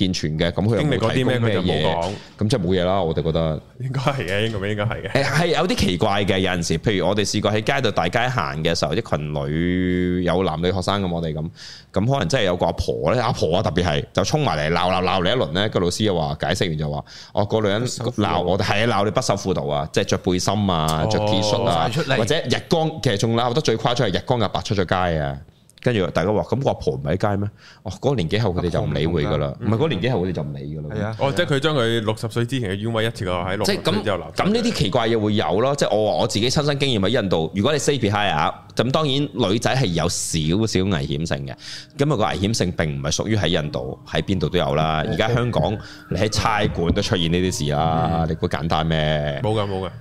健全嘅咁佢經歷嗰啲咩佢就冇講，咁即係冇嘢啦，我哋覺得應該
係嘅，應該應該係嘅。
誒係有啲奇怪嘅，有陣時，譬如我哋試過喺街度大街行嘅時候，一群女有男女學生咁，我哋咁，咁可能真係有個阿婆咧，阿婆啊，特別係就衝埋嚟鬧鬧鬧你一輪咧，個老師又話解釋完就話，哦個女人鬧我哋係鬧你不守婦道啊，即係著背心啊，着 T 恤啊，哦、或者日光，其實仲鬧得最誇張係日光日白出咗街啊。跟住大家話：咁我阿婆唔喺街咩？哦，嗰個年紀後佢哋就唔理會噶啦，唔係嗰個年紀後佢哋就唔理噶啦。係啊，哦，即係佢將佢六十歲之前嘅冤威一次過喺六，即咁。咁呢啲奇怪嘢會有咯，即係我話我自己親身經驗喺印度。如果你 say hi，咁當然女仔係有少少危險性嘅。今日個危險性並唔係屬於喺印度，喺邊度都有啦。而家香港你喺差館都出現呢啲事啦，你估簡單咩？冇噶冇噶，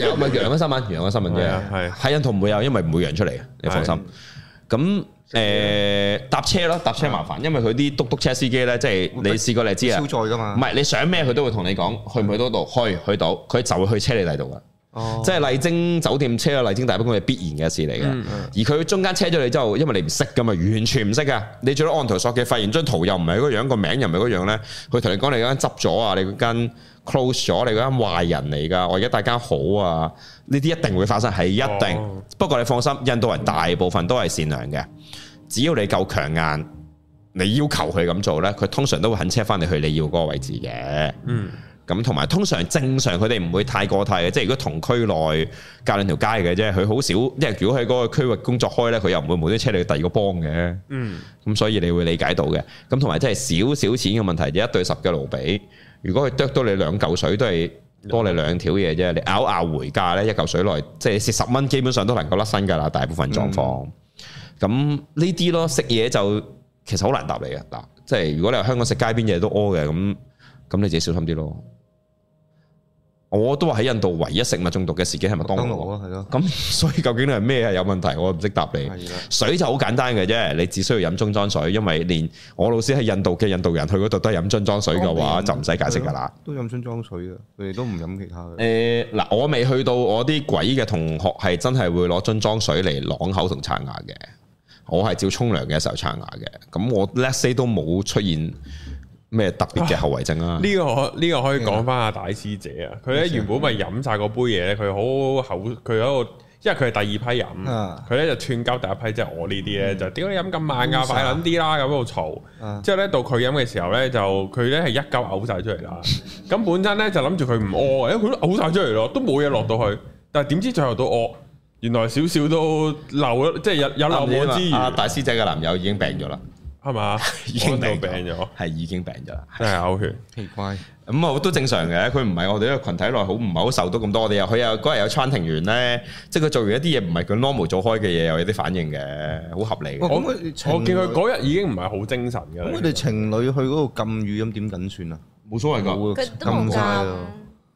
有咪揚咗新聞，揚咗新聞啫。係喺印度唔會有，因為唔會揚出嚟嘅，你放心。咁誒、呃、搭車咯，搭車麻煩，因為佢啲嘟嘟車司機咧，即係會你試過你知啊，超載噶嘛，唔係你想咩佢都會同你講，是的 去唔去嗰度？去，去到佢就會去車你嚟度噶，哦、即係麗晶酒店車去麗晶大賓館係必然嘅事嚟嘅。嗯、而佢中間車咗你之後，因為你唔識噶嘛，完全唔識噶，你做咗按圖索嘅，發現張圖又唔係嗰樣，個名又唔係嗰樣咧，佢同你講你嗰間執咗啊，你嗰間。close 咗你嗰間壞人嚟噶，我而家大家好啊？呢啲一定會發生，係一定。哦、不過你放心，印度人大部分都係善良嘅。只要你夠強硬，你要求佢咁做呢，佢通常都會肯車翻你去你要嗰個位置嘅。嗯，咁同埋通常正常，佢哋唔會太過太嘅。即係如果同區內隔兩條街嘅啫，佢好少。即係如果喺嗰個區域工作開呢，佢又唔會每啲車你去第二個幫嘅。嗯，咁所以你會理解到嘅。咁同埋即係少少錢嘅問題，一對十嘅盧比。如果佢啄到你兩嚿水都係多你兩條嘢啫，你咬咬回價咧一嚿水內，即係你食十蚊基本上都能夠甩身㗎啦，大部分狀況。咁呢啲咯，食嘢就其實好難答你嘅嗱，即係如果你話香港食街邊嘢都屙嘅咁，咁你自己小心啲咯。我都話喺印度唯一食物中毒嘅事件係麥當勞。咁、啊、所以究竟係咩係有問題？我唔識答你。的水就好簡單嘅啫，你只需要飲樽裝水，因為連我老師喺印度嘅印度人去嗰度都係飲樽裝水嘅話，就唔使解釋噶啦。都飲
樽裝水嘅，
佢哋都唔飲其他嘅。誒嗱、呃，我未去到，我啲鬼嘅同學係真係會攞樽裝水嚟啷口同刷牙嘅。我係照沖涼嘅時候刷牙嘅。咁我 let's say 都冇出現。咩特別嘅後遺症啊？呢個
可呢個可以講翻阿大師姐啊，佢咧，hmm. 原本咪飲晒嗰杯嘢咧，佢好口佢喺度，因為佢係第二批飲，佢咧，uh. 就串交第一批，即、就、係、是、我呢啲咧，就、啊、猜點解飲咁慢噶？快撚啲啦！咁喺度嘈，之後咧到佢飲嘅時候咧，就佢咧係一嚿嘔晒出嚟啦。咁、uh. 本身咧就諗住佢唔屙，因為佢都嘔晒出嚟咯，都冇嘢落到去。但係點知最後都屙，原來少少都漏咗，即係
有有流血之餘。阿大師姐嘅男友已經病咗啦。係嘛？已經病咗，係已經病咗啦。真係嘔血，奇怪。咁啊，都正常嘅。佢唔係我哋呢個群體內好唔係好受到咁多。我哋又佢又嗰日有餐廳員咧，即係佢做完一啲嘢唔係佢 normal 做開嘅嘢，又有啲反應嘅，好合理嘅。我見佢嗰日已經唔係好精
神嘅。咁佢哋情侶去嗰度
禁語咁點緊算啊？冇所謂噶，禁晒？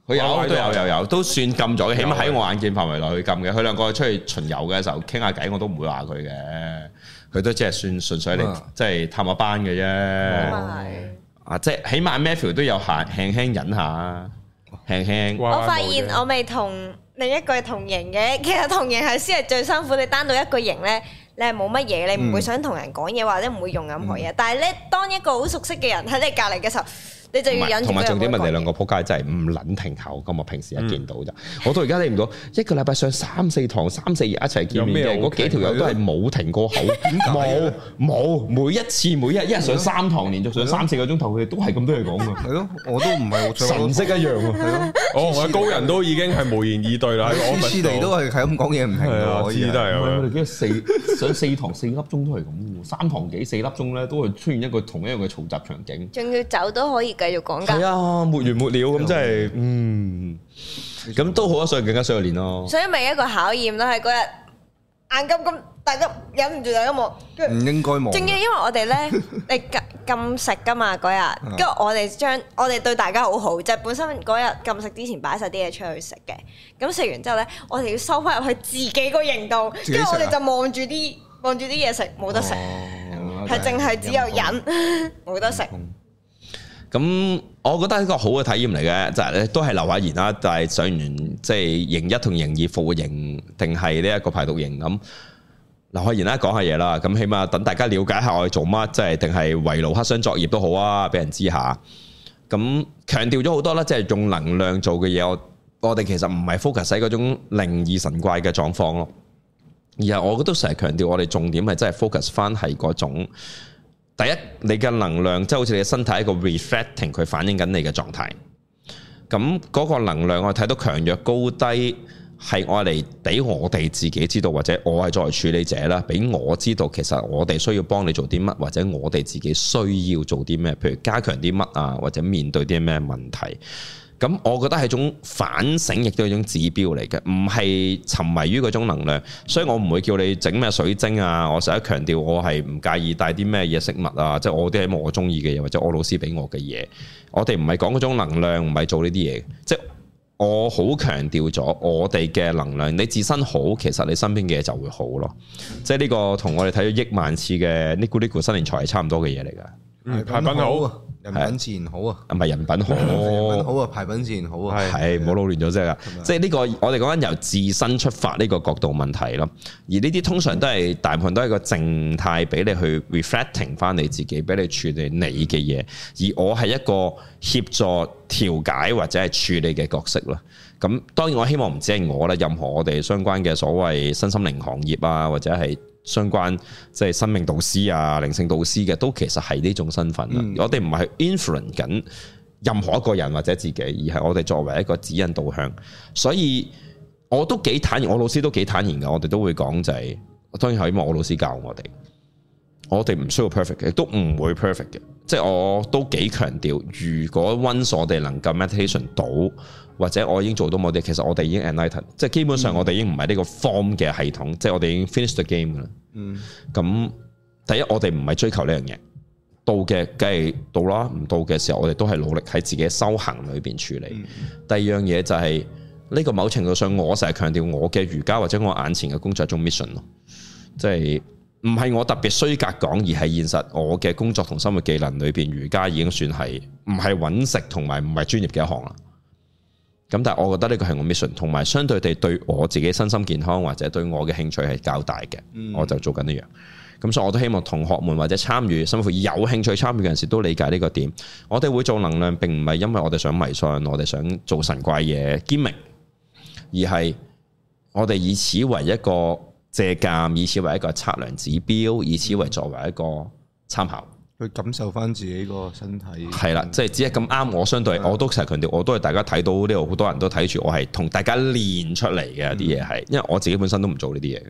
佢有都有有有，都算禁咗。起碼喺我眼見範圍內佢禁嘅。佢兩個出去巡遊嘅時候傾下偈，我都唔會話佢嘅。佢都即係算純粹嚟，即係探下班嘅啫。啊，即係起碼 Matthew 都有閒輕輕忍下，輕輕啩。我發現我
未同另一個同型嘅，其實同型係先係最辛苦。你單獨一個型咧，你係冇乜嘢，你唔會想同人講嘢或者唔會用任何嘢。但係咧，當一個好熟悉嘅人喺你隔籬嘅時候。同埋重點，
問你兩個仆街真係唔撚停口噶。我平時一見到就，我到而家聽唔到一個禮拜上三四堂，三四日一齊見面嘅嗰幾條友都係冇停過口，冇冇每一次每一日一日上三堂連續上三四個鐘頭，佢哋都係咁多嘢講噶。係咯，我都唔係神色一樣喎。係咯，我我高人都
已經係無言以對啦。斯斯都係係咁講嘢唔係。我啊，真係咁樣。
跟四上四堂四粒鐘都係咁三堂幾四粒鐘咧都係出現一個同一樣嘅嘈雜場景。
仲要走都可以繼續講緊，係
啊，沒完沒了咁，真係，嗯，咁都好啊，上更加上一年咯。所
以咪一個考驗咯，喺嗰日，眼金金，大家忍唔住大家望，唔應該望。正經，因為我哋咧，你禁禁食噶嘛嗰日，跟住我哋將我哋對大家好好，就本身嗰日禁食之前擺晒啲嘢出去食嘅，咁食完之後咧，我哋要收翻入去自己個營度，跟住我哋就望住啲望住啲嘢食，冇得食，係淨係只有忍，冇得食。
咁，我覺得一個好嘅體驗嚟嘅，就係、是、咧都係留下言啦。就係上完即係營一同營二服務營定係呢一個排毒營咁。留下言啦，講下嘢啦，咁起碼等大家了解下我哋做乜，即係定係圍爐黑箱作業都好啊，俾人知下。咁強調咗好多啦，即係用能量做嘅嘢。我我哋其實唔係 focus 喺嗰種靈異神怪嘅狀況咯，而係我覺得都成日強調，我哋重點係真係 focus 翻係嗰種，第一，你嘅能量即係好似你嘅身體一個 reflecting，佢反映緊你嘅狀態。咁嗰個能量我睇到強弱高低，係我嚟，俾我哋自己知道，或者我係作為處理者啦，俾我知道，其實我哋需要幫你做啲乜，或者我哋自己需要做啲咩，譬如加強啲乜啊，或者面對啲咩問題。咁我覺得係種反省，亦都係種指標嚟嘅，唔係沉迷於嗰種能量，所以我唔會叫你整咩水晶啊！我成日強調，我係唔介意帶啲咩嘢飾物啊，即係我啲係我中意嘅嘢，或者我老師俾我嘅嘢。我哋唔係講嗰種能量，唔係做呢啲嘢。即係我好強調咗，我哋嘅能量，你自身好，其實你身邊嘅嘢就會好咯。即係呢個同我哋睇咗億萬次嘅 n i 呢個呢個新年財係差唔多嘅嘢嚟㗎。嗯，品好啊，人品自然好啊，唔係是人品好，是人品好啊，是排品自然好啊，係是，唔好撈亂咗啫噶，即係呢個我哋講緊由自身出發呢個角度問題咯，而呢啲通常都係大部分都係一個靜態俾你去 reflecting 返你自己，俾你處理你嘅嘢，而我係一個協助調解或者係處理嘅角色咯，咁當然我希望唔止係我咧，任何我哋相關嘅所謂身心靈行業啊，或者係。相關即係生命導師啊、靈性導師嘅，都其實係呢種身份啦、啊。嗯、我哋唔係 influence 緊任何一個人或者自己，而係我哋作為一個指引導向。所以我都幾坦然，我老師都幾坦然㗎。我哋都會講就係、是，當然希望我老師教我哋，我哋唔需要 perfect 嘅，亦都唔會 perfect 嘅。即係 <music> 我都幾強調，如果溫所哋能夠 meditation 到，或者我已經做到某啲，其實我哋已經 enlightened 即係基本上我哋已經唔係呢個 form 嘅系統，嗯、即係我哋已經 finish the game 啦。嗯，咁第一，我哋唔係追求呢樣嘢到嘅，梗係到啦；唔到嘅時候，我哋都係努力喺自己修行裏邊處理。嗯、第二樣嘢就係、是、呢、這個某程度上，我成日強調我嘅瑜伽或者我眼前嘅工作係一種 mission 咯，即係唔係我特別衰格講，而係現實我嘅工作同生活技能裏邊，瑜伽已經算係唔係揾食同埋唔係專業嘅一行啦。咁但係，我覺得呢個係我 mission，同埋相對地對我自己身心健康或者對我嘅興趣係較大嘅，嗯、我就做緊呢樣。咁所以我都希望同學們或者參與，甚至乎有興趣參與嘅人士都理解呢個點。我哋會做能量，並唔係因為我哋想迷信，我哋想做神怪嘢、兼明，而係我哋以此為一個借鑒，以此為一個測量指標，以此為作為一個參考。嗯
去感受翻自己個身體，
係啦， <noise> 即係只係咁啱。我相對，的我都成日強調，我都係大家睇到呢度，好多人都睇住，我係同大家練出嚟嘅一啲嘢係。嗯、因為我自己本身都唔做呢啲嘢嘅，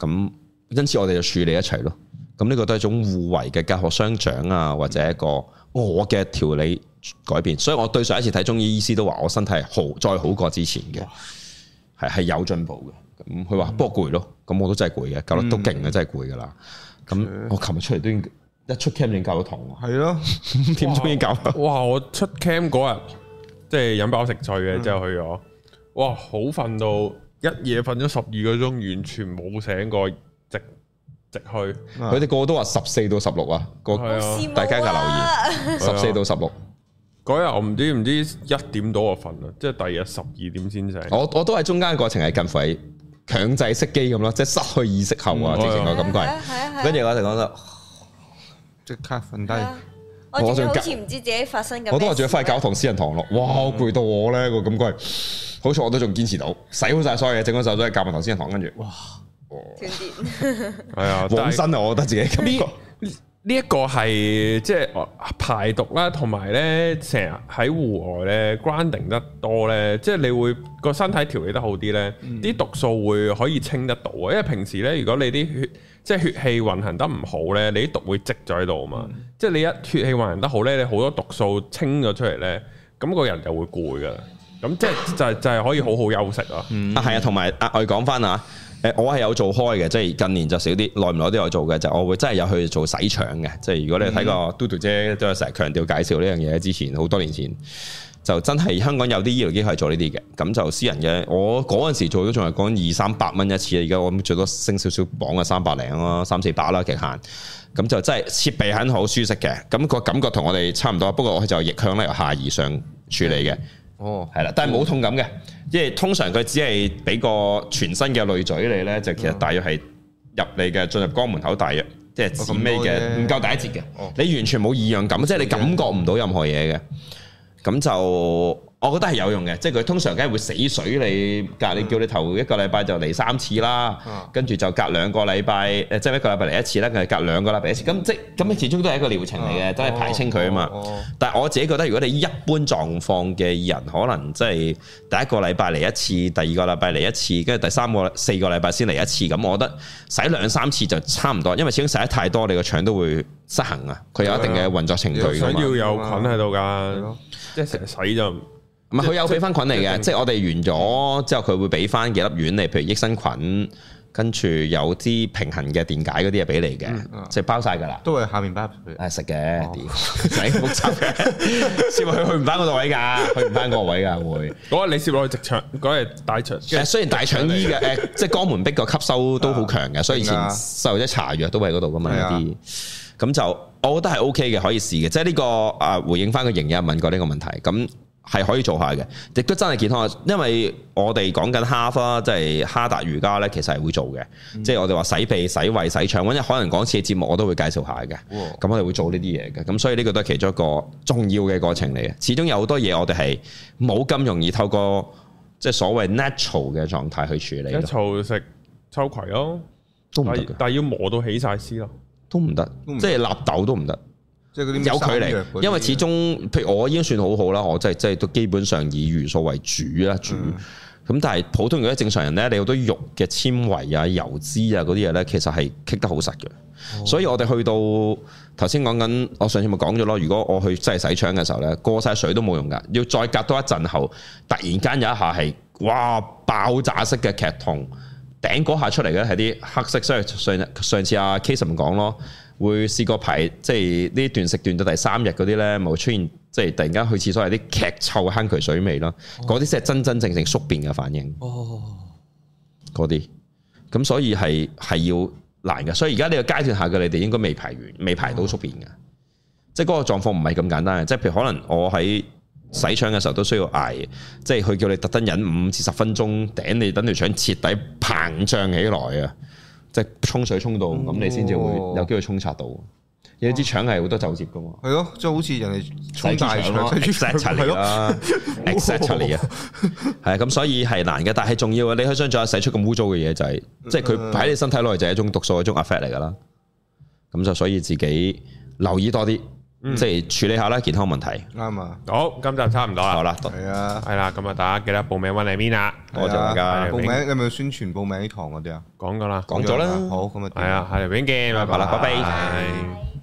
咁因此我哋就處理一齊咯。咁呢個都係一種互為嘅教學相長啊，或者一個我嘅調理改變。所以我對上一次睇中醫醫師都話，我身體係好再好過之前嘅，係係、嗯、有進步嘅。咁佢話，嗯、不過攰咯，咁我都真係攰嘅，教得都勁嘅，真係攰噶啦。咁我琴日出嚟都應。一出 camp 就教堂，係咯，點鍾意
教？哇！我出 camp 嗰日即係飲飽食醉嘅，之後去咗，哇！好瞓到一夜瞓咗十二個鐘，完全冇醒過，直直去。
佢哋個個都話十四到十六啊，個大家嘅留言十四到十六
嗰日，我唔知唔知一點多我瞓啊，即係第二日十二點先
醒。我我都係中間嘅過程係近乎強制熄機咁咯，即係失去意識後啊，直情個感覺。跟住我就講就。即刻瞓低、啊，我仲好似唔知自己發
生緊咩。我都話仲要翻去教堂、
私人堂咯，堂哇！攰、嗯、到我咧個感覺，好彩我都仲堅持到，洗好晒所有嘢，整好手水，教埋堂、同私人堂，跟住哇！係啊，渾身啊， <laughs> 哎、我覺得自己呢呢一個係即係排
毒啦，同埋咧成日喺戶外咧 grounding 得多咧，即、就、係、是、你會個身體調理得好啲咧，啲、嗯、毒素會可以清得到啊！因為平時咧，如果你啲血即係血氣運行得唔好咧，你啲毒會積咗喺度啊嘛。嗯、即係你一血氣運行得好咧，你好多毒素清咗出嚟咧，咁、那個人就會攰噶。咁即係就係、是、就係、是、可以
好好休息咯。啊係、嗯、啊，同埋我哋講返啊，誒我係有做開嘅，即係近年就少啲，耐唔耐都有做嘅，就是、我會真係有去做洗腸嘅。即係如果你睇個嘟嘟姐都有成日強調介紹呢樣嘢，之前好多年前。就真係香港有啲醫療機構做呢啲嘅，咁就私人嘅。我嗰陣時做都仲係講二三百蚊一次，而家我諗最多升少少榜，講啊三百零囉，三四百啦極限。咁就真係設備很好，舒適嘅。咁、那個感覺同我哋差唔多，不過我就逆向咧，由下而上處理嘅。哦，係啦，但係冇痛感嘅，嗯、因為通常佢只係俾個全新嘅淚嘴你咧，就其實大約係入你嘅，進入肛門口大約即係尾嘅，唔、就是、夠第一節嘅。哦、你完全冇異樣感，即係以你感覺唔到任何嘢嘅。咁就我覺得係有用嘅，即係佢通常梗係會死水你隔，隔你叫你頭一個禮拜就嚟三次啦，嗯、跟住就隔兩個禮拜，誒即係一個禮拜嚟一次啦，佢係隔兩個禮拜一次。咁即係咁，始終都係一個療程嚟嘅，都係、嗯、排清佢啊嘛。哦哦、但係我自己覺得，如果你一般狀況嘅人，可能即係第一個禮拜嚟一次，第二個禮拜嚟一次，跟住第三個、四個禮拜先嚟一次，咁我覺得使兩三次就差唔多，因為始終使得太多，你個腸都會，失衡啊！佢有一定嘅運作程序，想要有
菌喺度噶，即係成日洗就
唔係佢有俾翻菌嚟嘅。即係我哋完咗之後，佢會俾翻幾粒丸嚟，譬如益生菌，跟住有啲平衡嘅電解嗰啲嘢俾你嘅，即係包晒噶啦，都會下面包。誒食嘅，點死複
雜嘅，攝入佢去唔翻度位噶，去唔翻個位噶會。嗰個你攝入直腸，嗰個大腸。其實雖然大腸淤嘅，誒，即
係肛門壁個吸收都好強嘅，所以以前受咗搽藥都喺嗰度噶嘛，有啲。咁就我覺得係 OK 嘅，可以試嘅。即係、這、呢個啊，回應翻個營友問過呢個問題，咁係可以做下嘅，亦都真係健康。因為我哋講緊 Hatha 即係哈達瑜伽咧，其實係會做嘅。嗯、即係我哋話洗鼻、洗胃、洗腸，或者可能講次嘅節目，我都會介紹下嘅。咁、哦、我哋會做呢啲嘢嘅。咁所以呢個都係其中一個重要嘅過程嚟嘅。始終有好多嘢我哋係冇咁容易透過即係、就是、所謂 natural 嘅狀態去處理。Natural，食秋葵咯，都唔係，但係要
磨到起晒絲咯。
都唔得，即係納豆都唔得，
即係有距離，因為始
終譬如我已經算好好啦，我即係即係都基本上以魚素為主啦，主咁、嗯、但係普通嗰啲正常人呢，你好多肉嘅纖維啊、油脂啊嗰啲嘢呢，其實係棘得好實嘅，哦、所以我哋去到頭先講緊，我上次咪講咗咯，如果我去真係洗腸嘅時候呢，過晒水都冇用噶，要再隔多一陣後，突然間有一下係哇爆炸式嘅劇痛。頂嗰下出嚟嘅係啲黑色，所以上上次阿 Kason 講咯，會試過排即係呢段食段到第三日嗰啲咧，冇出現即係突然間去廁所係啲劇臭坑渠水味咯，嗰啲先係真真正正宿便嘅反應。哦，嗰啲咁所以係係要難嘅，所以而家呢個階段下嘅你哋應該未排完，未排到宿便嘅，哦、即係嗰個狀況唔係咁簡單嘅，即係譬如可能我喺，洗腸嘅時候都需要挨，即係佢叫你特登忍五至十分鐘，頂你等條腸徹底膨脹起來啊！即係沖水沖到咁，嗯哦、你先至會有機會沖刷到。哦、有一支腸係、哦、好多皺折噶嘛，
係咯腸，即係好似人哋沖大腸咯，exactly 嚟
嘅，係啊，咁所以係難嘅，但係重要啊！你可以想象下，洗出咁污糟嘅嘢就係，即係佢喺你身體內就係一種毒素，一種 effect 嚟噶啦。咁就所以自己留意多啲。即係處理下啦，健康問題啱
啊！好，今集差唔多啦，好啦，係啊，係啦，咁啊，大家記得報名喺邊面啊！多謝大家報名，有
冇宣傳報名啲堂嗰啲啊？
講咗啦，講咗啦，好，咁啊，係啊，下期見，拜拜，拜拜。